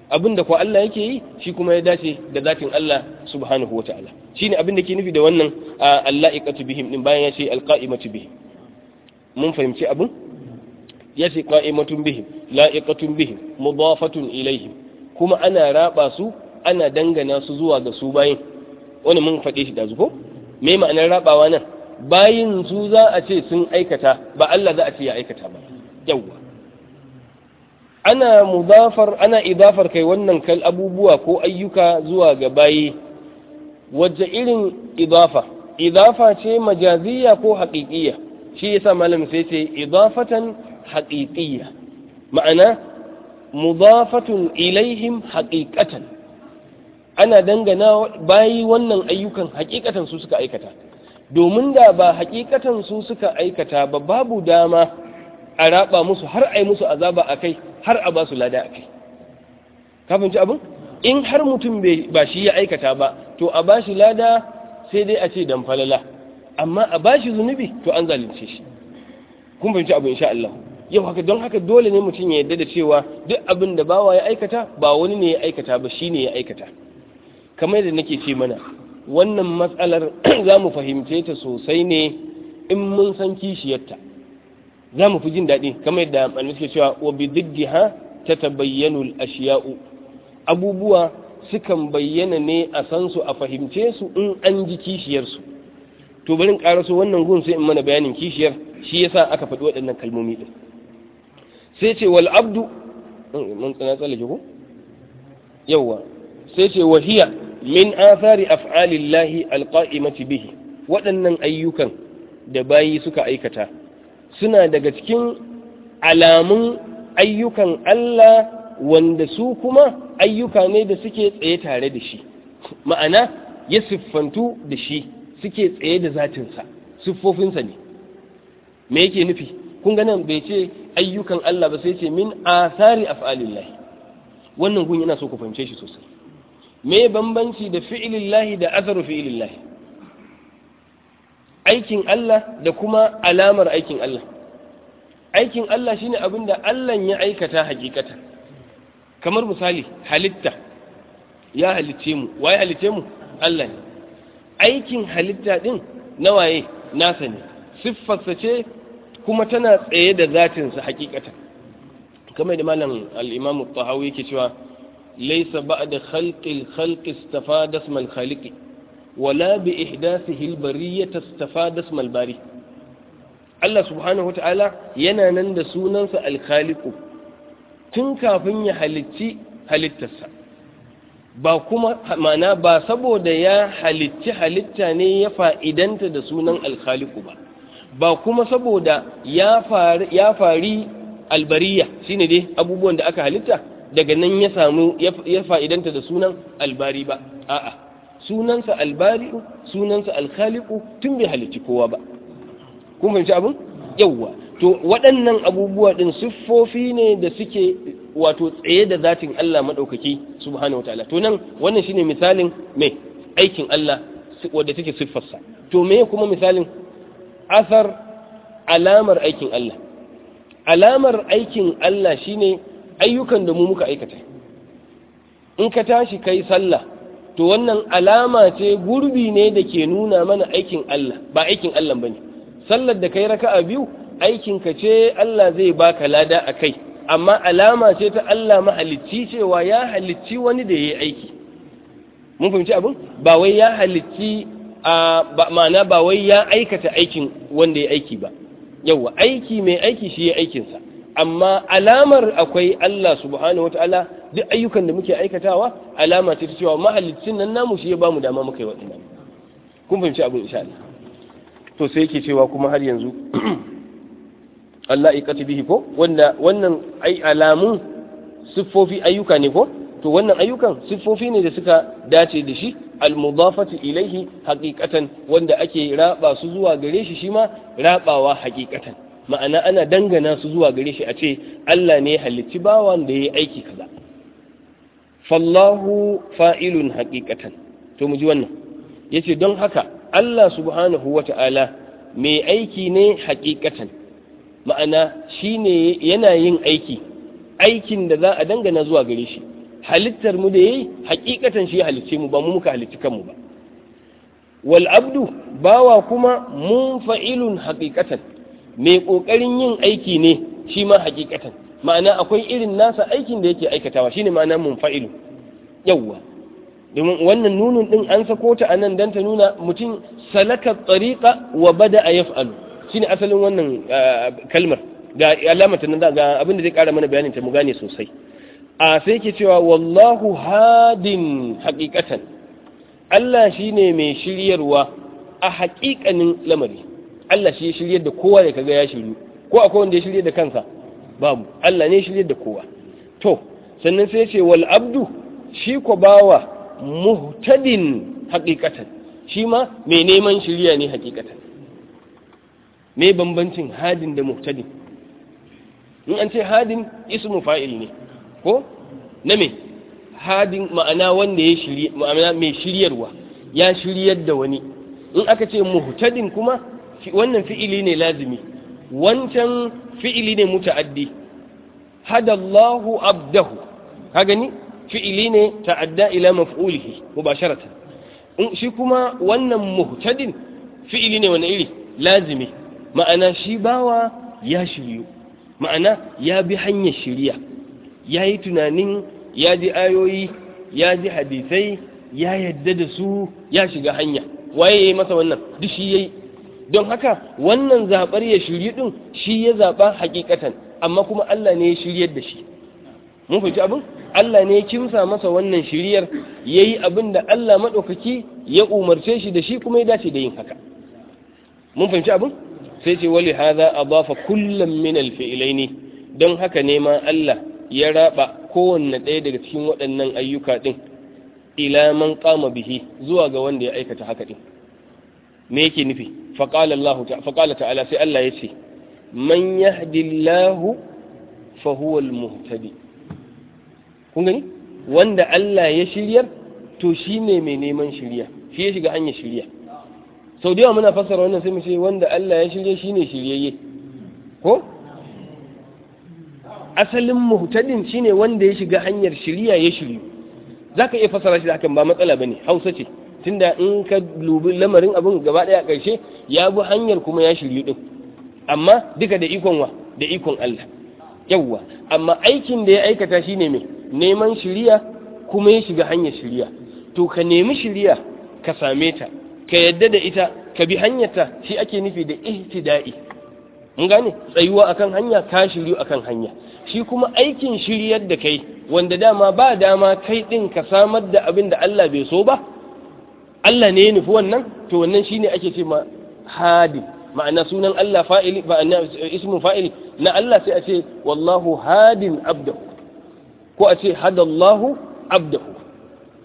abin da kuwa Allah yake yi shi kuma ya dace da zatin Allah subhanahu wataala shine abin da ke nufi da wannan alla'iqatu bihim din bayan ya ce alqa'imatu bihim mun fahimci abin yace qa'imatun bihim la'iqatun bihim mudafatun ilaihim kuma ana raba su ana dangana su zuwa ga su bayin wani mun faɗe shi da zuko me ma'anar rabawa nan bayin su za a ce sun aikata ba Allah za a ce ya aikata ba yawwa ana mudafar ana idafar kai wannan kal abubuwa ko ayyuka zuwa ga bayi wajja irin idafa idafa ce majaziyya ko haƙiƙiya shi yasa malam sai ce idafatan haƙiƙiyya ma'ana mudafatun ilaihim haƙiƙatan ana dangana bayi wannan ayyukan haƙiƙatan su suka aikata domin da ba haƙiƙatan su suka aikata ba babu dama a raba musu har a yi musu azaba a kai har a ba su lada a kai kafin abin in har mutum ba shi ya aikata ba to a ba shi lada sai dai a ce dan falala amma a ba shi zunubi to an zalunce shi kun fahimci abu insha Allah yau haka don haka dole ne mutum ya yarda da cewa duk abin da bawa ya aikata ba wani ne ya aikata ba shi ne ya aikata kamar da nake ce mana wannan matsalar <clears throat> za mu fahimce ta sosai ne in mun san kishiyarta za mu fi jin daɗi kamar yadda malamai suke cewa wa bi ha ta tabayyanu ashiyau abubuwa sukan bayyana ne a san su a fahimce su in an ji kishiyar su to barin in wannan gun sai in mana bayanin kishiyar shi yasa aka faɗi waɗannan kalmomi ɗin. sai ce wal abdu mun tsana tsallake ko yawa sai ce wahiya min athari af'alillahi alqa'imati bihi waɗannan ayyukan da bayi suka aikata suna daga cikin alamun ayyukan Allah wanda su kuma ayyuka ne da suke tsaye tare da shi ma'ana ya siffantu da shi suke tsaye da zatinsa siffofinsa ne me yake nufi kun ganin bai ce ayyukan Allah ba sai ce min athari af'alillahi wannan gun yana so ku fahimce shi sosai me bambanci da filillahi da atharu filillahi. aikin Allah da kuma alamar aikin Allah aikin Allah shine abin da Allah ya aikata hakikata kamar misali halitta ya halitte mu waye halitte mu Allah ne aikin halitta din nawaye nasa ne siffarsa ce kuma tana tsaye da zatinsa hakikata. Kama da malam al-imam tahawi yake cewa laysa ba'da khalqil khalqi istafada isma al-khaliqi wala bi ihdathihi al-bariyyah istafada al-bari Allah subhanahu wata'ala yana nan da sunansa al-khaliqu tun kafin ya halicci halittarsa ba kuma mana ba saboda ya halicci halitta ne ya fa'idanta da sunan al-khaliqu ba ba kuma saboda ya fari albariya shine dai abubuwan da aka halitta daga nan ya samu ya fa'idanta da sunan albari ba a'a sunansa albari sunansa alkhaliku tun bai halitta kowa ba kun fahimci abin yawwa to waɗannan abubuwa ɗin siffofi ne da suke wato tsaye da zatin Allah maɗaukaki subhanahu wataala to nan wannan shine misalin mai aikin Allah wadda take siffarsa to me kuma misalin asar alamar aikin Allah alamar aikin Allah shine ayyukan da mu muka aikata in ka tashi kai sallah to wannan alama ce gurbi ne da ke nuna mana aikin Allah ba aikin Allah bane sallar da kai raka'a biyu aikin ka ce Allah zai baka lada a kai. amma alama ce ta Allah mahalicci cewa ya halicci wani da yayi aiki mun fahimci abin ba wai ya halicci ba ma'ana ba wai ya aikata aikin wanda ya aiki ba yawa aiki mai aiki shi ya aikinsa amma alamar akwai Allah subhanahu wataala duk ayyukan da muke aikatawa alama ce ta cewa mahallicin nan namu shi ya ba bamu dama muka yi waɗannan kun fahimci abin insha Allah to sai yake cewa kuma har yanzu <clears throat> Allah iqati bihi ko wannan alamun siffofi ayyuka ne ko to wannan ayyukan siffofi ne da suka dace da shi almudafatu ilaihi haqiqatan wanda ake raba su zuwa gare shi shima rabawa haqiqatan ma'ana ana dangana su zuwa gare shi a ce Allah ne halicci bawan da yayi aiki kaza fallahu fa'ilun haqiqatan to mu ji wannan yace don haka Allah subhanahu wata'ala mai aiki ne haqiqatan ma'ana shine yana yin aiki aikin da za a dangana zuwa gare shi halittar mu da yayi hakikatan shi halicce mu ba mu muka halicci kanmu ba wal abdu bawa kuma mun fa'ilun hakikatan mai kokarin yin aiki ne shi ma hakikatan ma'ana akwai irin nasa aikin da yake aikatawa shine ma'ana munfa'ilu yawwa domin wannan nunun din an sako ta anan dan ta nuna mutum salaka tariqa wa bada'a yaf'alu shine asalin wannan ah, kalmar ga alamar da nan ga abin da zai kara mana bayanin ta mu gane sosai a sai ke cewa wallahu hadin haƙiƙatan Allah shi ne mai shiryarwa a haƙiƙanin lamari Allah shi shiryar da kowa da kaga ya shiryu ko akwai wanda ya shirya da kansa babu Allah ne shiryar da kowa to sannan sai ce wal abdu shi ko bawa muhtadin haƙiƙatan shi ma mai neman shirya ne haƙiƙatan mai bambancin hadin da muhtadin in an ce hadin ismu fa'il ne ko na me hadin ma'ana wanda ya shirye ma'ana mai shiryarwa ya shiryar da wani in aka ce muhtadin kuma wannan fi'ili ne lazimi wancan fi'ili ne muta'addi hadallahu abdahu ka gani fi'ili ne ta'adda ila maf'ulihi mubasharatan shi kuma wannan muhtadin fi'ili ne wani iri lazimi ma'ana shi bawa ya shiryu ma'ana ya bi hanyar shiriya ya yi tunanin ya ji ayoyi ya ji hadisai ya yadda da su ya shiga hanya waye ya yi masa wannan duk shi ya yi don haka wannan zaɓar ya shirye ɗin shi ya zaɓa hakikatan amma kuma Allah ne ya shiryar da shi mun fahimci abin Allah ne ya kimsa masa wannan shiryar ya yi abin da Allah maɗaukaki ya umarce shi da shi kuma ya dace da yin haka mun fahimci abin sai ce wali haza a bafa kullum min alfi'ilai ne don haka ne ma Allah ya raba kowanne ɗaya daga cikin waɗannan ayyuka ɗin ila man qama bihi zuwa ga wanda ya aikata haka ɗin me yake nufi faƙala ta'ala sai Allah ya ce man ya fa huwa muhtadi kun gani wanda Allah ya shiryar to shine mai neman shiriya shi ya shiga hanyar shiriya sau da yawa muna fassara wannan sai mu ce wanda Allah ya shirya shi ne shiryayye ko asalin muhtadin shine wanda ya shiga hanyar shiriya ya shiryu zaka iya fasara shi da hakan ba matsala bane Hausa ce tunda in ka lubi lamarin abin gaba daya karshe ya bi hanyar kuma ya shiryu din amma duka da ikon wa da ikon Allah yawwa amma aikin da ya aikata shine me neman shirya kuma ya shiga hanyar shirya. to ka nemi shirya, ka same ta ka yadda da ita ka bi hanyarta shi ake nufi da ihtida'i mun gane tsayuwa akan hanya ka shiryu akan hanya shi kuma aikin shiryar da kai wanda dama ba dama kai ɗin ka samar da abin da Allah bai so ba Allah ne ya nufi wannan to wannan shi ne ake ce ma hadi ma'ana sunan Allah fa'ili ma'ana ismin fa'ili na Allah sai a ce wallahu hadin abdahu ko a ce hadallahu abdahu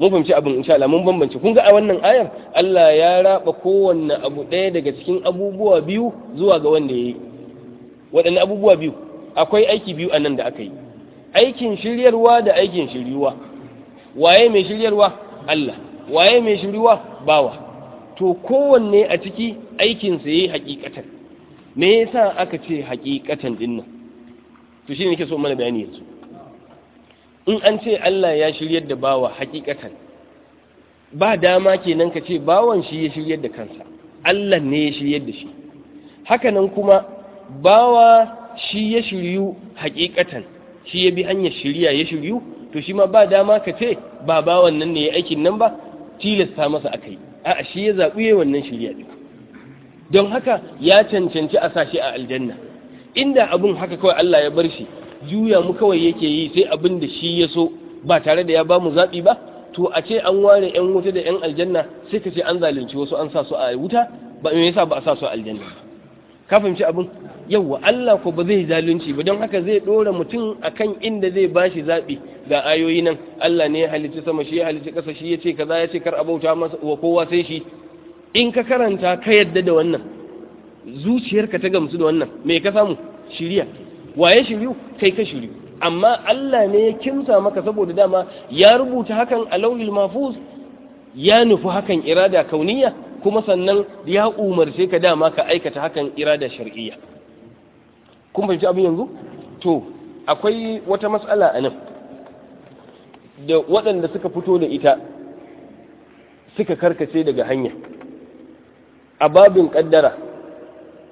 mun fahimci abin insha Allah mun bambance kun ga a wannan ayar Allah ya raba kowanne abu ɗaya daga cikin abubuwa biyu zuwa ga wanda yayi waɗanne abubuwa biyu akwai aiki biyu anan da aka yi aikin shiryarwa da aikin shiryuwa waye mai shiryarwa Allah waye mai shiryuwa bawa to kowanne a ciki aikinsa yayi hakikatan me yasa aka ce hakikatan dinnan to shine nake so mana bayani yanzu in an ce Allah ya shiryar da bawa hakikatan ba dama kenan ka ce bawan shi ya shiryar da kansa Allah ne ya shiryar da shi hakanan kuma bawa shi ya shiryu hakikatan shi ya bi hanyar shirya ya shiryu to shi ma ba dama ka ce ba ba wannan ne ya aikin nan ba tilasta masa akai a shi ya zaɓi ya wannan shirya ɗin don haka ya cancanci a sa a aljanna inda abin haka kawai Allah ya bar shi juya mu kawai yake yi sai abin da shi ya so ba tare da ya ba mu zaɓi ba to a ce an ware 'yan wuta da 'yan aljanna sai ka ce an zalunci wasu an sa su a wuta ba me yasa ba a sa su a aljanna ka fahimci abin yawwa Allah ko ba zai zalunci ba don haka zai ɗora mutum akan inda zai bashi zaɓi ga ayoyi nan Allah ne ya halicci sama shi ya halicci ƙasa shi ya ce kaza ya ce kar abauta masa wa kowa sai shi in ka karanta ka yadda da wannan zuciyarka ta gamsu da wannan me ka samu shiriya waye shiriyu kai ka shiriyu amma Allah ne ya kimsa maka saboda dama ya rubuta hakan a lauhil mahfuz ya nufi hakan irada kauniya kuma sannan ya umarce ka dama ka aikata hakan irada shar'iyya kun fahimci abin yanzu to akwai wata matsala a nan da waɗanda suka fito da ita suka karkace daga hanya a babin ƙaddara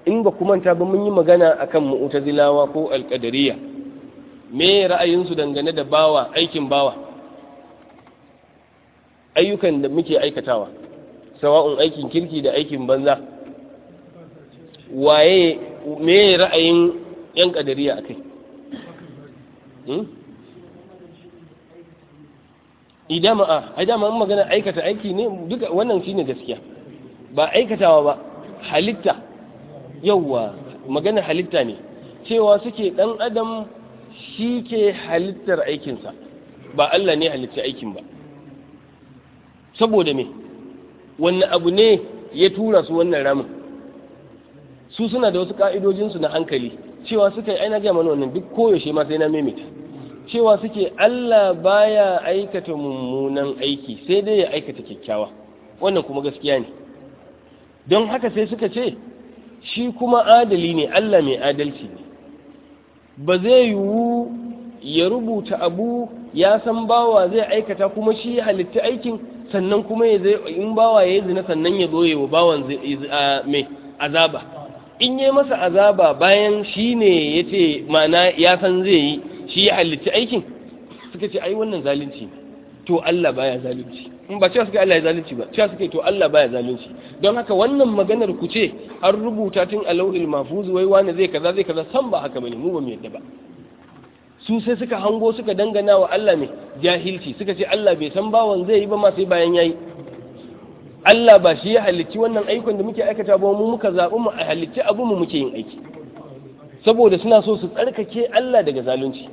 in ba manta ba mun yi magana a kan Zilawa ko alƙadariya me ra'ayinsu dangane da bawa aikin bawa ayyukan da muke aikatawa sawa'un aikin kirki da aikin banza waye me ra'ayin yan ƙadariya a kai hmm? idama a idama an magana aikata aiki ne duka wannan shine gaskiya ba aikatawa ba halitta yauwa magana halitta ne cewa suke dan adam shi ke halittar aikinsa ba Allah ne halitta aikin ba saboda me wanne abu ne ya tura su wannan ramin su suna da wasu ka'idojinsu na hankali cewa suka yi ainihin gaya wannan duk koyaushe ma sai na mimita cewa suke Allah baya aikata mummunan aiki sai dai ya aikata kyakkyawa wannan kuma gaskiya ne don haka sai suka ce shi kuma adali ne Allah mai adalci ne ba zai yiwu ya rubuta abu ya san bawa zai aikata kuma shi halitta aikin sannan kuma ya zai in bawa ya yi zina sannan ya zo wa bawan mai azaba in yi masa azaba bayan shi ne ya ce mana ya san zai yi shi ya halitta aikin suka ce ai wannan zalunci to Allah baya zalunci in ba cewa suka Allah ya zalunci ba cewa suka to Allah baya zalunci don haka wannan maganar ku ce an rubuta tun a lauhil mafuzu wai wani zai kaza zai kaza san ba haka bane mu ba mu yadda ba su sai suka hango suka dangana wa Allah ne jahilci suka ce Allah bai san bawan zai yi ba ma sai bayan yayi Allah ba shi ya halicci wannan aikon da muke aikata ba mu muka zaɓi mu a halicci abu mu muke yin aiki saboda suna so su tsarkake Allah daga zalunci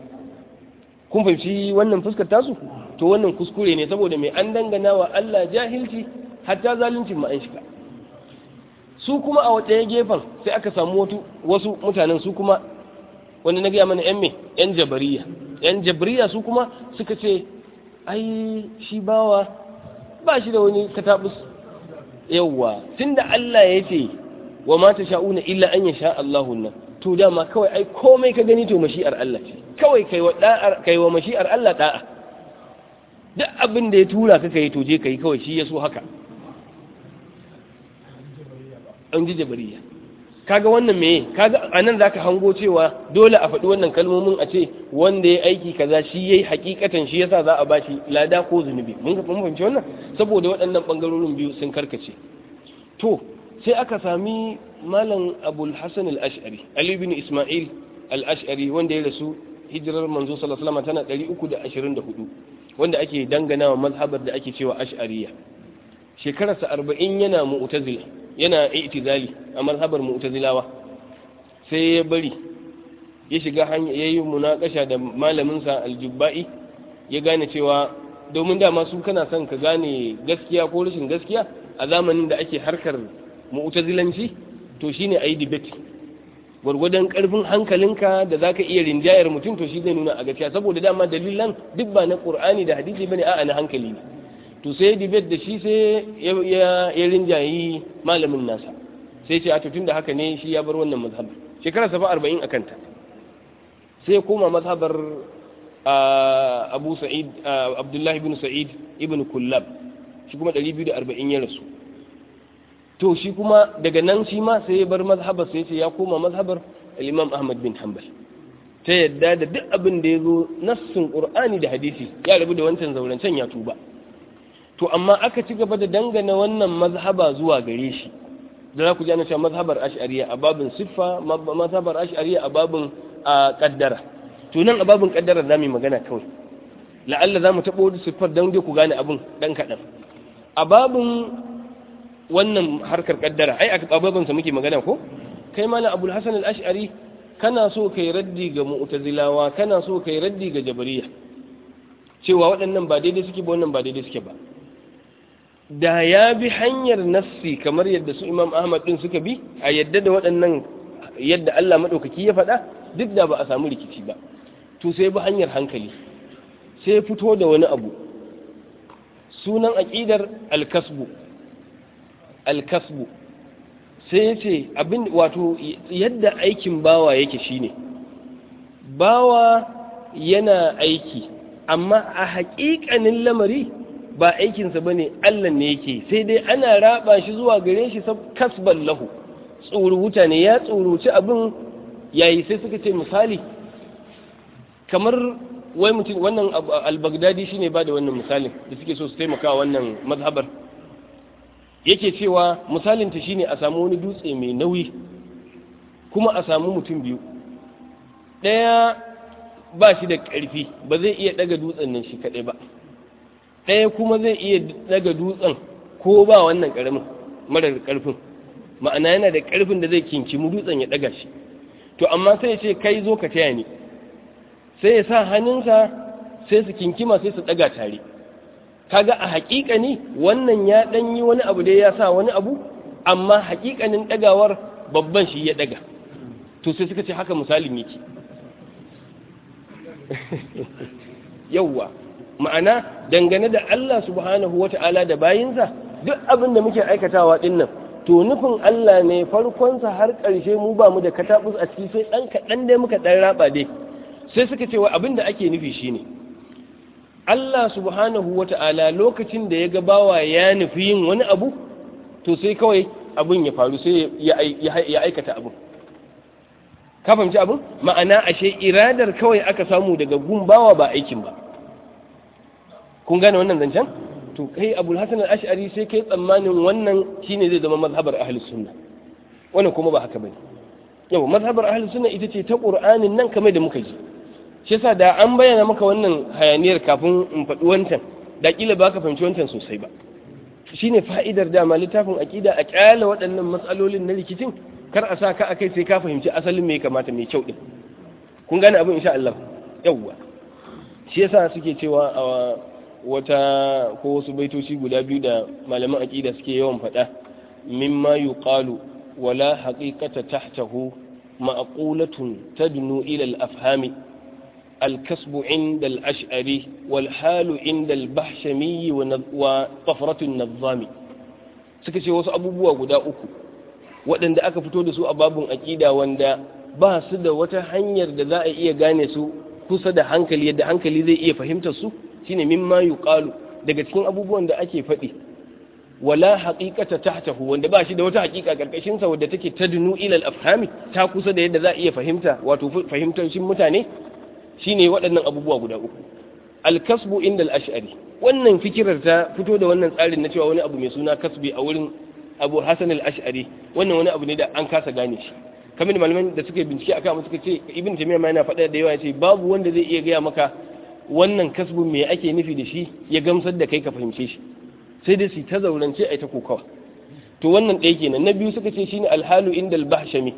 kun fahimci wannan fuskar tasu to wannan kuskure ne saboda mai an dangana wa Allah jahilci hatta zaluncin ma an shiga su kuma a wata gefen sai aka samu wasu mutanen su kuma wanda na gaya mana yan me yan jabariya yan jabariya su kuma suka ce ai shi bawa ba shi da wani katabus yawwa tunda Allah ya ce wa mata sha'una illa an yasha Allahu nan to dama kawai ai komai ka gani to mashi'ar Allah ce kawai kai wa da'ar kai wa mashi'ar Allah da'a duk abin da ya tura ka kai to je kai kawai shi ya so haka an ji jabariya kaga wannan meye kaga anan zaka hango cewa dole a faɗi wannan kalmomin a ce wanda ya aiki kaza shi yayi hakikatan shi yasa za a bashi lada ko zunubi mun ga mun fahimci wannan saboda waɗannan bangarorin biyu sun karkace to sai aka sami malam abul hasan al-ash'ari ali ibn isma'il al-ash'ari wanda ya rasu hijirar manzo sallallahu alaihi wasallam tana 324 wanda ake dangana wa mazhabar da ake cewa ash'ariya sa 40 yana mu'tazila yana itizali a mazhabar mu'tazilawa sai ya bari ya shiga hanya yayi munakasha da malamin sa aljubba'i ya gane cewa domin dama su kana son ka gane gaskiya ko rashin gaskiya a zamanin da ake harkar mu'tazilanci to shine ayi debate gwargwadon karfin hankalinka da zaka iya rinjayar mutum to shi zai nuna a gaskiya saboda dama dalilan duk ba na qur'ani da hadisi bane a'a na hankali ne to sai dibet da shi sai ya rinjayi malamin nasa sai ce a tutun da haka ne shi ya bar wannan mazhab shekara safa arba'in a kanta sai koma mazhabar abu sa'id abdullahi ibn sa'id ibn kullab shi kuma 240 ya rasu to shi kuma daga nan shi ma sai ya bar mazhabar sai ce ya koma mazhabar alimam ahmad bin hanbal ta yadda da duk abin da ya zo nassin qur'ani da hadisi ya rabu da wancan zaurancen ya tuba to amma aka ci gaba da dangana wannan mazhaba zuwa gare shi da za ku ji ana cewa mazhabar ash'ariya a babin siffa mazhabar ash'ariya a babin kaddara to nan a babin kaddara za mu magana kawai la'alla za mu taɓo siffar don ku gane abin ɗan kaɗan a babin wannan harkar kaddara ai a babin sa muke magana ko kai malam abul hasan al-ash'ari kana so kai raddi ga mu'tazilawa kana so kai raddi ga jabariya cewa waɗannan ba daidai suke ba wannan ba daidai suke ba da ya bi hanyar nassi kamar yadda su imam ahmad din suka bi a yadda da waɗannan yadda allah maɗaukaki ya faɗa duk da ba a samu rikici ba to sai bi hanyar hankali sai fito da wani abu sunan aƙidar alkasbu alkasbu sai ce abin wato yadda aikin bawa yake shine bawa yana aiki amma a haƙiƙanin lamari ba aikinsa ba ne Allah ne yake sai dai ana raba shi zuwa gare shi sab kasban lahu tsoruta ne ya tsoroci abin yayi sai suka ce misali kamar wai mutum wannan al-Baghdadi shine ba da wannan misalin da suke so su taimaka wannan mazhabar yake cewa misalinta ta shine a samu wani dutse mai nauyi kuma a samu mutum biyu ɗaya ba shi da ƙarfi ba zai iya ɗaga dutsen nan shi kaɗai ba ɗaya kuma zai iya daga dutsen ko ba wannan ƙaramin marar ƙarfin ma'ana yana da ƙarfin da zai kincimu dutsen ya ɗaga shi to amma sai ya ce kai zo ka taya ni sai ya sa hannunsa sai su kinkima sai su ɗaga tare kaga a haƙiƙa ne wannan ya ɗan yi wani abu da ya sa wani abu amma haƙiƙanin ɗagawar babban shi ya ɗaga to sai suka ce haka misalin yake <laughs> yawwa ma'ana dangane da Allah subhanahu wa ta'ala da bayinsa duk abin da muke aikatawa dinnan, to nufin Allah ne farkonsa har karshe mu ba mu da katabus a ciki sai ɗan kaɗan dai muka ɗan raba dai sai suka ce wa abin da ake nufi shine Allah subhanahu wa ta'ala lokacin da ya ga bawa ya nufi yin wani abu to sai kawai abin ya faru sai ya aikata abin ka fahimci abin ma'ana ashe iradar kawai aka samu daga gun bawa ba aikin ba kun gane wannan zancen to kai abul hasan al-ash'ari sai kai tsammanin wannan shine zai zama mazhabar ahli sunna wannan kuma ba haka bane yau mazhabar ahli sunna ita ce ta qur'anin nan kamar da muka ji shi yasa da an bayyana maka wannan hayaniyar kafin in faɗi wancan da kila baka fahimci wancan sosai ba shine fa'idar dama littafin aqida a kyala waɗannan matsalolin na rikicin kar a sa ka akai sai ka fahimci asalin me kamata mai kyau din kun gane abin insha Allah yawwa shi yasa suke cewa wata ko wasu baitoci guda biyu da malaman aqida suke yawan faɗa mimma yuqalu wala haqiqata tahtahu ma'qulatun tadnu ila al-afhami الكسب عند walhalu والحال عند البحشمي وطفرة النظام suka ce wasu abubuwa guda uku waɗanda aka fito da su a babun aƙida wanda ba su da wata hanyar da za a iya gane su kusa da hankali yadda hankali zai iya fahimtar su shine mimma yuqalu daga cikin abubuwan da ake faɗi wala haqiqata tahtahu wanda ba shi da wata haqiqa karkashin sa wadda take tadnu ila al-afhami ta kusa da yadda za a iya fahimta wato fahimtar shin mutane shine waɗannan abubuwa guda uku al-kasbu inda al-ash'ari wannan fikirar ta fito da wannan tsarin na cewa wani abu mai suna kasbi a wurin Abu Hasan al-Ash'ari wannan wani abu ne da an kasa gane shi kamin malaman da suka bincike a abin suka ce ibn jami'a ma yana faɗa da yawa ya ce babu wanda zai iya gaya maka wannan kasbin me ake nufi da shi ya gamsar da kai ka fahimce shi sai dai su ta zaurance ai ta kokawa to wannan ɗaya kenan na biyu suka ce shine alhalu inda albahshami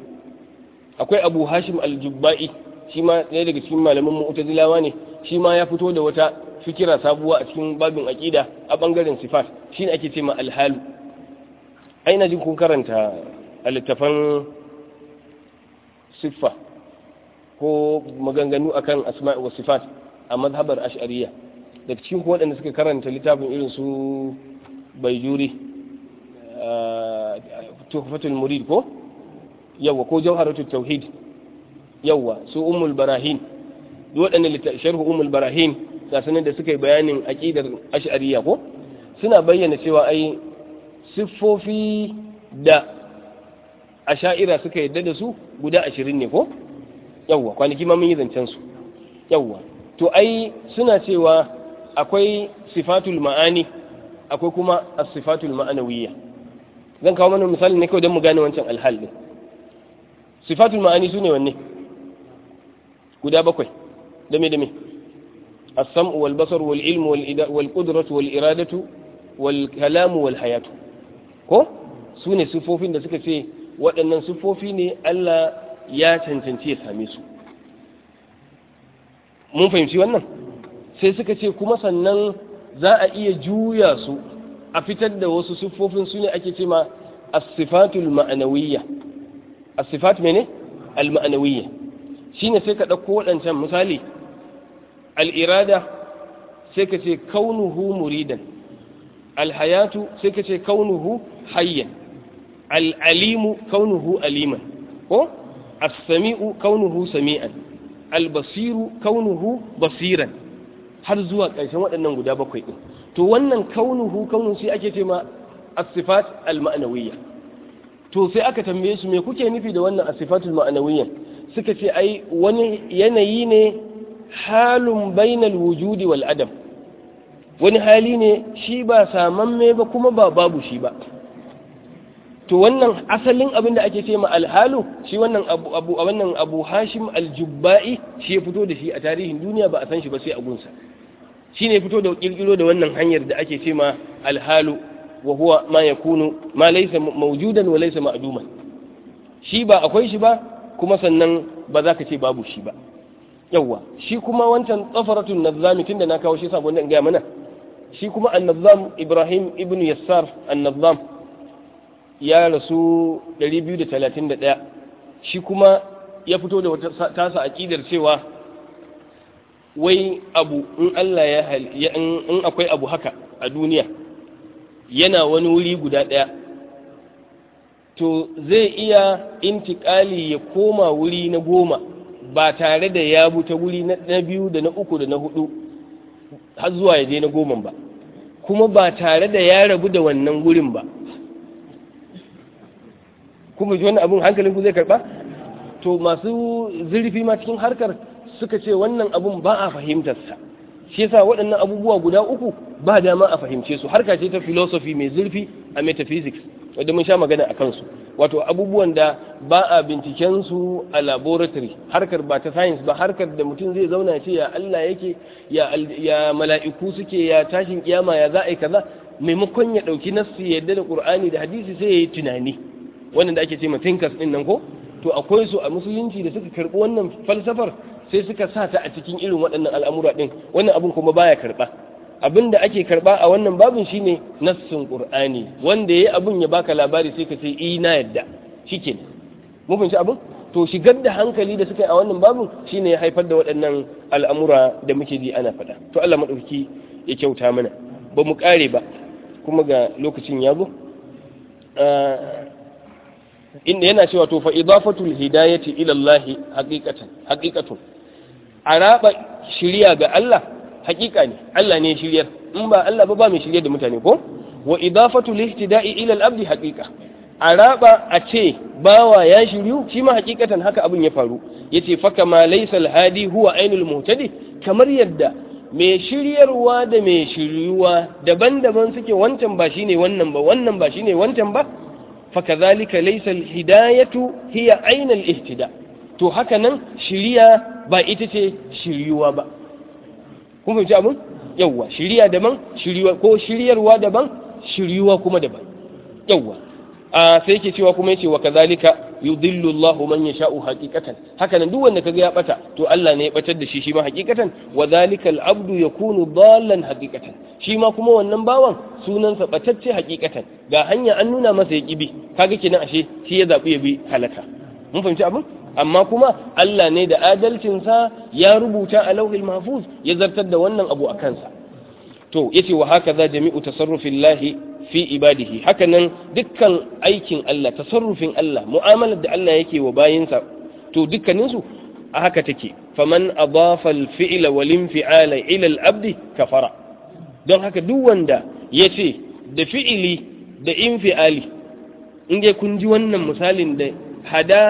akwai abu hashim aljubba'i shi ma ɗaya daga cikin malaman mu'tazilawa ne shi ma ya fito da wata fikira sabuwa a cikin babin aqida a bangaren sifat shine ake ce ma alhalu aina jin kun karanta a littafan siffa ko maganganu akan asma'i wa sifat a mazhabar ash'ariyya daga cikin ko waɗanda suka karanta littafin irin su baijuri eh, tuhfatul murid ko yawa ko jawharatul tauhid yawa su umul barahin duk waɗanda sharhu umul barahin sasanin da suka yi bayanin aƙidar ash'ariyya ko suna bayyana cewa ai siffofi da asha'ira suka yadda da su guda ashirin ne ko yawwa kwanaki ma mun yi zancen su yawwa to ai suna cewa akwai sifatul ma'ani akwai kuma as-sifatul ma'anawiyya zan kawo mana misali ne kawai don mu gane wancan alhal din sifatul ma'ani sune wanne guda bakwai dame dame as-sam'u wal basar wal ilmu wal qudratu wal iradatu wal kalamu wal hayatu ko sune sifofin da suka ce waɗannan siffofi ne Allah ya cancanci ya same su mun fahimci wannan sai suka ce kuma sannan za a iya juya su a fitar da wasu siffofin su ne ake ce ma as ma'anawiyya as mene al-ma'anawiyya shine sai ka ɗauko waɗancan misali Al'irada sai ka ce kaunuhu muridan Alhayatu sai ka ce kaunuhu hayyan al'alimu kaunuhu aliman ko as-sami'u kaunuhu sami'an albasiru kaunuhu basiran har zuwa ƙarshen waɗannan guda bakwai ɗin to wannan kaunuhu kaunuhu ake ce ma as-sifat to sai aka tambaye su me kuke nufi da wannan asifatul ma'anawiyya suka ce ai wani yanayi ne halun bainal wujudi wal adam wani hali ne shi ba samamme ba kuma ba babu shi ba to wannan asalin abin da ake ce ma alhalu shi wannan abu abu wannan abu hashim aljubba'i shi ya fito da shi a tarihin duniya ba a san shi ba sai a gunsa shi ne fito da kirkiro da wannan hanyar da ake ce ma alhalu wa huwa ma yakunu ma laysa mawjudan wa laysa ma'duman shi ba akwai shi ba kuma sannan ba za ka ce babu shi ba yawwa shi kuma wancan tsafaratun nazami tunda na kawo shi sabon da in gaya mana shi kuma annazam ibrahim ibnu yassar annazam ya rasu 231 shi kuma ya fito da wata tasa aƙidar cewa wai abu in Allah ya in akwai abu haka a duniya yana wani wuri guda ɗaya to zai iya intikali ya koma wuri na goma ba tare da ya ta wuri na biyu da na uku da na hudu har zuwa ya je na goman ba kuma ba tare da ya rabu da wannan wurin ba kuma ji wani abun hankalin ku zai karba to masu zurfi ma cikin harkar suka ce wannan abun ba a fahimtarsa shi yasa waɗannan abubuwa guda uku ba dama a fahimce su harka ce ta philosophy mai zurfi a metaphysics wanda mun sha magana a kansu wato abubuwan da ba a binciken su a laboratory harkar ba ta science ba harkar da mutum zai zauna ce ya Allah yake ya, ya mala'iku suke ya tashin kiyama ya za a yi kaza maimakon ya ɗauki ya yadda da qur'ani da hadisi sai ya yi tunani wannan da ake ce ma thinkers din nan ko to akwai su a musulunci da suka karbi wannan falsafar sai suka sa ta a cikin irin waɗannan al'amura din wannan abin kuma baya karba abin da ake karba a wannan babin shine nassun qur'ani wanda yayi abin ya baka labari sai ka ce i eh, na yadda shikenan mun fahimci abin to shigar da hankali da suka yi a wannan babin shine ya haifar da waɗannan al'amura da muke ji ana faɗa to Allah madauki ya kyauta mana ba mu ƙare ba kuma ga lokacin ya zo ah, inda yana cewa to fa idafatul hidayati ila Allah haqiqatan haqiqatun araba shiriya ga Allah haqiqa ne Allah ne shiryar in ba Allah ba ba mai shiryar da mutane ko wa idafatul ihtida'i ila al-abdi haqiqa araba a ce bawa ya shiryu shi ma hakikatan haka abin ya faru yace fa kama laysa al-hadi huwa ainul muhtadi kamar yadda mai shiryarwa da mai shiryuwa daban-daban suke wancan ba shine wannan ba wannan ba shine wancan ba fakazalika laysa alhidayatu hiya aina alihtida to haka nan shiriya ba ita ce shiriyuwa ba kun fahimci abin yawwa shiriya daban shiriyuwa ko shiryarwa daban shiriyuwa kuma daban yawwa a sai yake cewa kuma yace wa kazalika yudillu Allahu man yasha'u haqiqatan haka nan duk wanda kaga ya bata to Allah ne ya batar da shi shi ma haqiqatan wa al-abdu yakunu dallan haqiqatan shi ma kuma wannan bawan sunansa batacce haqiqatan ga hanya an nuna masa ya kibi kaga kenan ashe shi ya zabi ya bi halaka mun fahimci abin amma kuma Allah ne da adalcinsa ya rubuta a lauhil mahfuz ya zartar da wannan abu a kansa to yace wa haka za jami'u tasarrufillahi fi ibadihi hakanan dukkan aikin Allah tasarrufin Allah mu'amalar da Allah yake wa bayinsa to dukkaninsu a haka take faman adafa al-fi'la wal infi'ala ila al-abd kafara don haka duk wanda yace da fi'ili da infi'ali inda kun ji wannan misalin da hada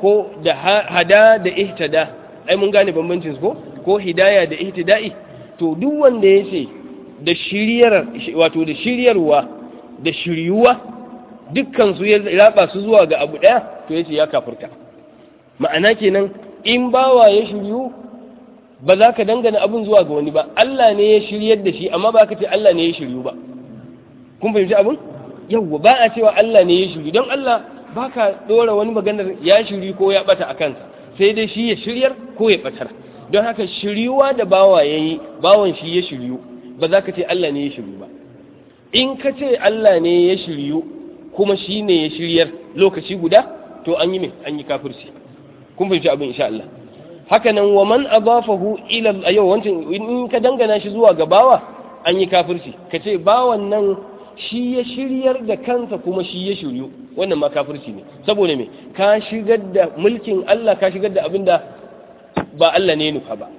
ko da hada da ihtada ai mun gane bambancin ko ko hidaya da ihtida'i to duk wanda yace da shiryar wato da shiryarwa da shiryuwa dukkan ya raba su zuwa ga abu ɗaya, to yace ya kafurta ma'ana kenan in bawa ya shiryu ba za ka dangana abun zuwa ga wani ba Allah ne ya shiryar da shi amma ba ka ce Allah ne ya shiryu ba kun fahimci abin yawwa ba a cewa Allah ne ya shiryu don Allah ba ka dora wani maganar ya shiryu ko ya bata a kansa sai dai shi ya shiryar ko ya batar don haka shiryuwa da bawa ya yi bawan shi ya shiryu ba za ka ce Allah ne ya shiryu ba in ka ce Allah ne ya shiryu kuma shi ne ya shiryar lokaci guda to an yi mai an yi kafirci kun fahimci abin insha Allah haka nan wa man adafahu ila yau wancan in ka dangana shi zuwa ga bawa an yi kafirci ka ce bawan nan shi ya shiryar da kansa kuma shi ya shiryu wannan ma kafirci ne saboda me ka shigar da mulkin Allah ka shigar da abinda ba Allah ne nufa ba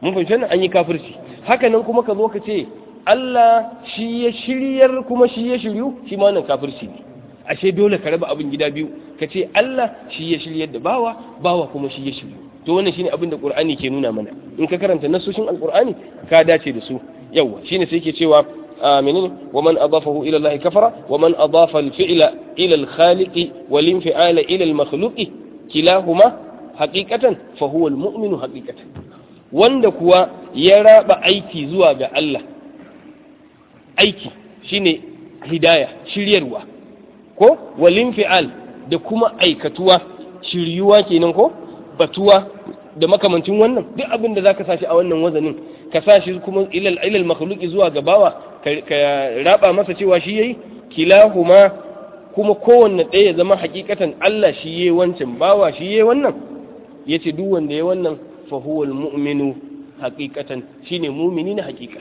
mun fahimci an yi kafirci haka nan kuma ka zo ka ce Allah shi ya shiryar kuma shi ya shiryu shi ma wannan kafirci ne ashe dole ka raba abin gida biyu ka ce Allah shi ya shiryar da bawa bawa kuma shi ya shiryu to wannan shine abin da Qur'ani ke nuna mana in ka karanta nasoshin Al-Qur'ani ka dace da su yawa shine sai yake cewa آمنين ومن أضافه إلى الله كفر ومن أضاف الفعل إلى الخالق والانفعال إلى المخلوق كلاهما حقيقة فهو المؤمن حقيقة wanda kuwa ya raba aiki zuwa ga Allah aiki shine hidaya shiryarwa ko walin fi'al da kuma aikatuwa shiryuwa kenan ko batuwa da makamancin wannan duk abin da za ka sashi a wannan wazanin ka sashi kuma ilal ilal makhluki zuwa gabawa ka raba masa cewa shi yayi kilahuma kuma kowanne ɗaya ya zama hakikatan Allah shi yayi wancan bawa shi yayi wannan yace duk wanda yayi wannan fa huwal mu'minu hakikatan shine mu'mini na hakika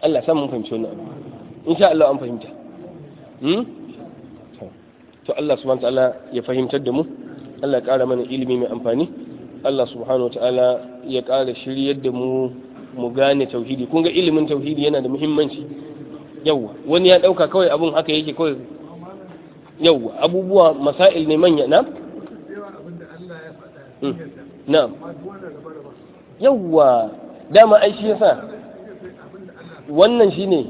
Allah samun fahimci wannan abu insha Allah an fahimta hmm to Allah subhanahu wataala ya fahimtar da mu Allah ya ƙara mana ilimi mai amfani Allah subhanahu wataala ya ƙara shiryar da mu mu gane tauhidi kun ga ilimin tauhidi yana da muhimmanci yawwa wani ya ɗauka kawai abun haka yake kawai yawwa abubuwa masail ne manya na hmm. na yawwa dama ai shi yasa wannan shine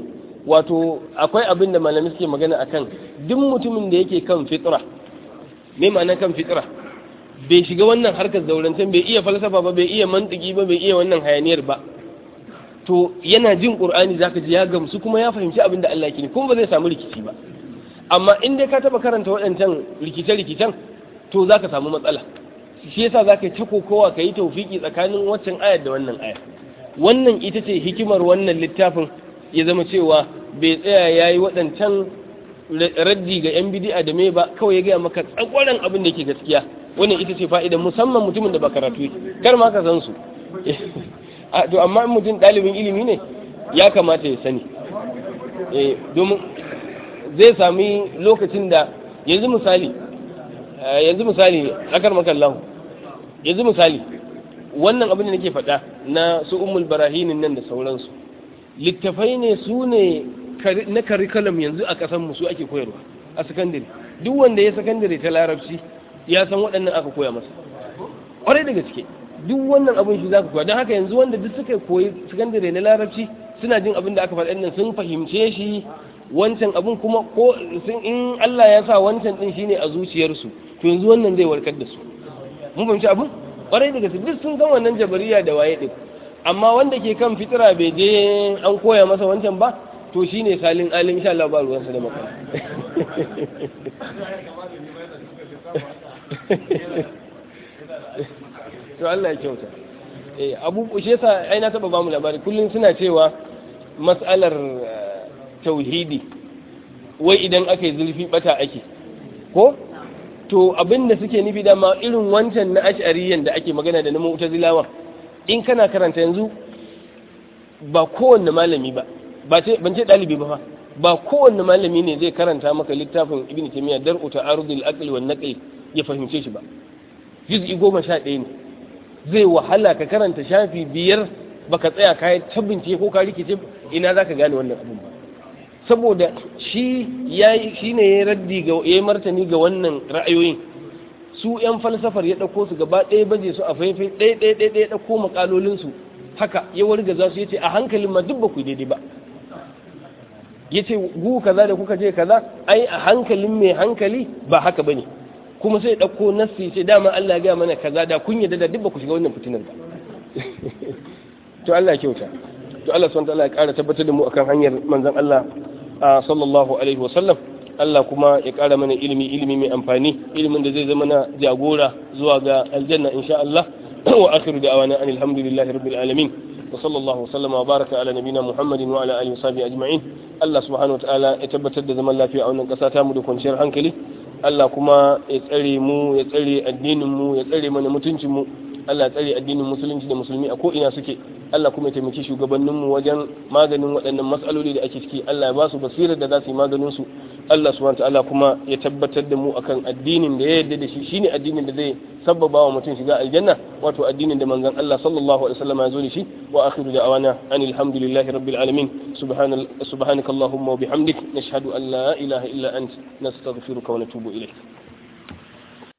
wato akwai abin da malami suke magana akan duk mutumin da yake kan fitra me ma'ana kan fitra bai shiga wannan harkar zaurancen bai iya falsafa ba bai iya mantiki ba bai iya wannan hayaniyar ba to yana jin qur'ani zaka ji ya gamsu kuma ya fahimci abin da Allah yake kuma ba zai samu rikici ba amma in dai ka taba karanta waɗancan rikice-rikicen to zaka samu matsala shi yasa zaka yi ta kokowa ka yi tawfiki tsakanin waccan ayar da wannan ayar wannan ita ce hikimar wannan littafin ya zama cewa bai tsaya ya yi waɗancan raddi ga 'yan bidi'a da mai ba kawai ya gaya maka tsakwaran abin da ke gaskiya wannan ita ce fa'ida musamman mutumin da ba karatu kar ma ka san su <laughs> to amma in mutum ɗalibin ilimi ne ya kamata ya sani eh, domin zai sami lokacin da yanzu misali eh, yanzu misali tsakar makallahu yanzu misali wannan abin da nake faɗa na su ummul barahinin nan da sauransu littafai ne su ne na curriculum yanzu a ƙasar su ake koyarwa a sakandare duk wanda ya sakandare ta larabci ya san waɗannan aka koya masa ƙwarai da gaske duk wannan abin shi zaka koya don haka yanzu wanda duk suka koyi sakandare na larabci suna jin abin da aka faɗa nan sun fahimce shi wancan abin kuma ko sun in Allah ya sa wancan din shine a zuciyarsu to yanzu wannan zai warkar da su mun fahimci abin kwarai daga gaske duk sun san wannan jabariya da waye din amma wanda ke kan fitira bai je an koya masa wancan ba to shine salin alim insha Allah ba ruwan sa da maka <laughs> to Allah ya kyauta eh abu sa ai na taba ba mu labari kullun suna cewa mas'alar eh, tauhidi wai idan aka yi zulfi bata ake ko to abin da suke nufi dama irin wancan na ash'ariyan da ake magana da na mu'tazilawa in kana karanta yanzu ba kowanne malami ba ba ce ban ce dalibi ba ba kowanne malami ne zai karanta maka littafin ibn taymiya dar'u ta'arudul aql wan naql ya fahimce shi ba juz'i goma sha ɗaya ne zai wahala ka karanta shafi biyar baka tsaya ka ta ko ka rikice ina zaka gane wannan abin ba saboda shi ya shi ne ya raddi ga ya martani ga wannan ra'ayoyin su yan falsafar ya ɗauko su gaba ɗaya baje su a faifai ɗaya ɗaya ɗaya ɗaya ɗauko makalolin su haka ya warga za su yace a hankalin ma duk ba ku daidai ba yace gu kaza da kuka je kaza ai a hankalin mai hankali ba haka ba ne. kuma sai ɗauko nassi sai dama Allah ya gaya mana kaza da kun yadda da duk ba ku shiga wannan fitinar ba <laughs> to Allah kyauta to Allah subhanahu wataala ya ƙara tabbatar da mu akan hanyar manzon Allah sallallahu alaihi wasallam Allah kuma ya ƙara mana ilimi ilimi mai amfani ilimin da zai zama na jagora zuwa ga aljanna insha Allah <clears throat> wa akhiru da'awana anil hamdulillahi rabbil alamin wa sallallahu sallama wa baraka ala nabina Muhammadin wa ala alihi wasahbihi ajma'in Allah subhanahu ta'ala ya tabbatar da zaman lafiya a wannan ƙasa ta mu da kwanciyar hankali Allah kuma ya tsare mu ya tsare addinin mu ya tsare mana mutuncin mu Allah ya tsare addinin musulunci da musulmi a ko'ina suke Allah kuma ya taimaki shugabanninmu wajen maganin waɗannan matsaloli da ake ciki Allah ya ba su basirar da za su yi maganin su Allah subhanahu ta'ala kuma ya tabbatar da mu akan addinin da ya yarda da shi shine addinin da zai sabbaba wa mutum shiga aljanna wato addinin da manzon Allah sallallahu alaihi wasallam ya zo da shi wa akhiru da'awana anil hamdulillahi rabbil alamin subhanakallahumma wa bihamdik nashhadu an la ilaha illa ant nastaghfiruka wa natubu ilayk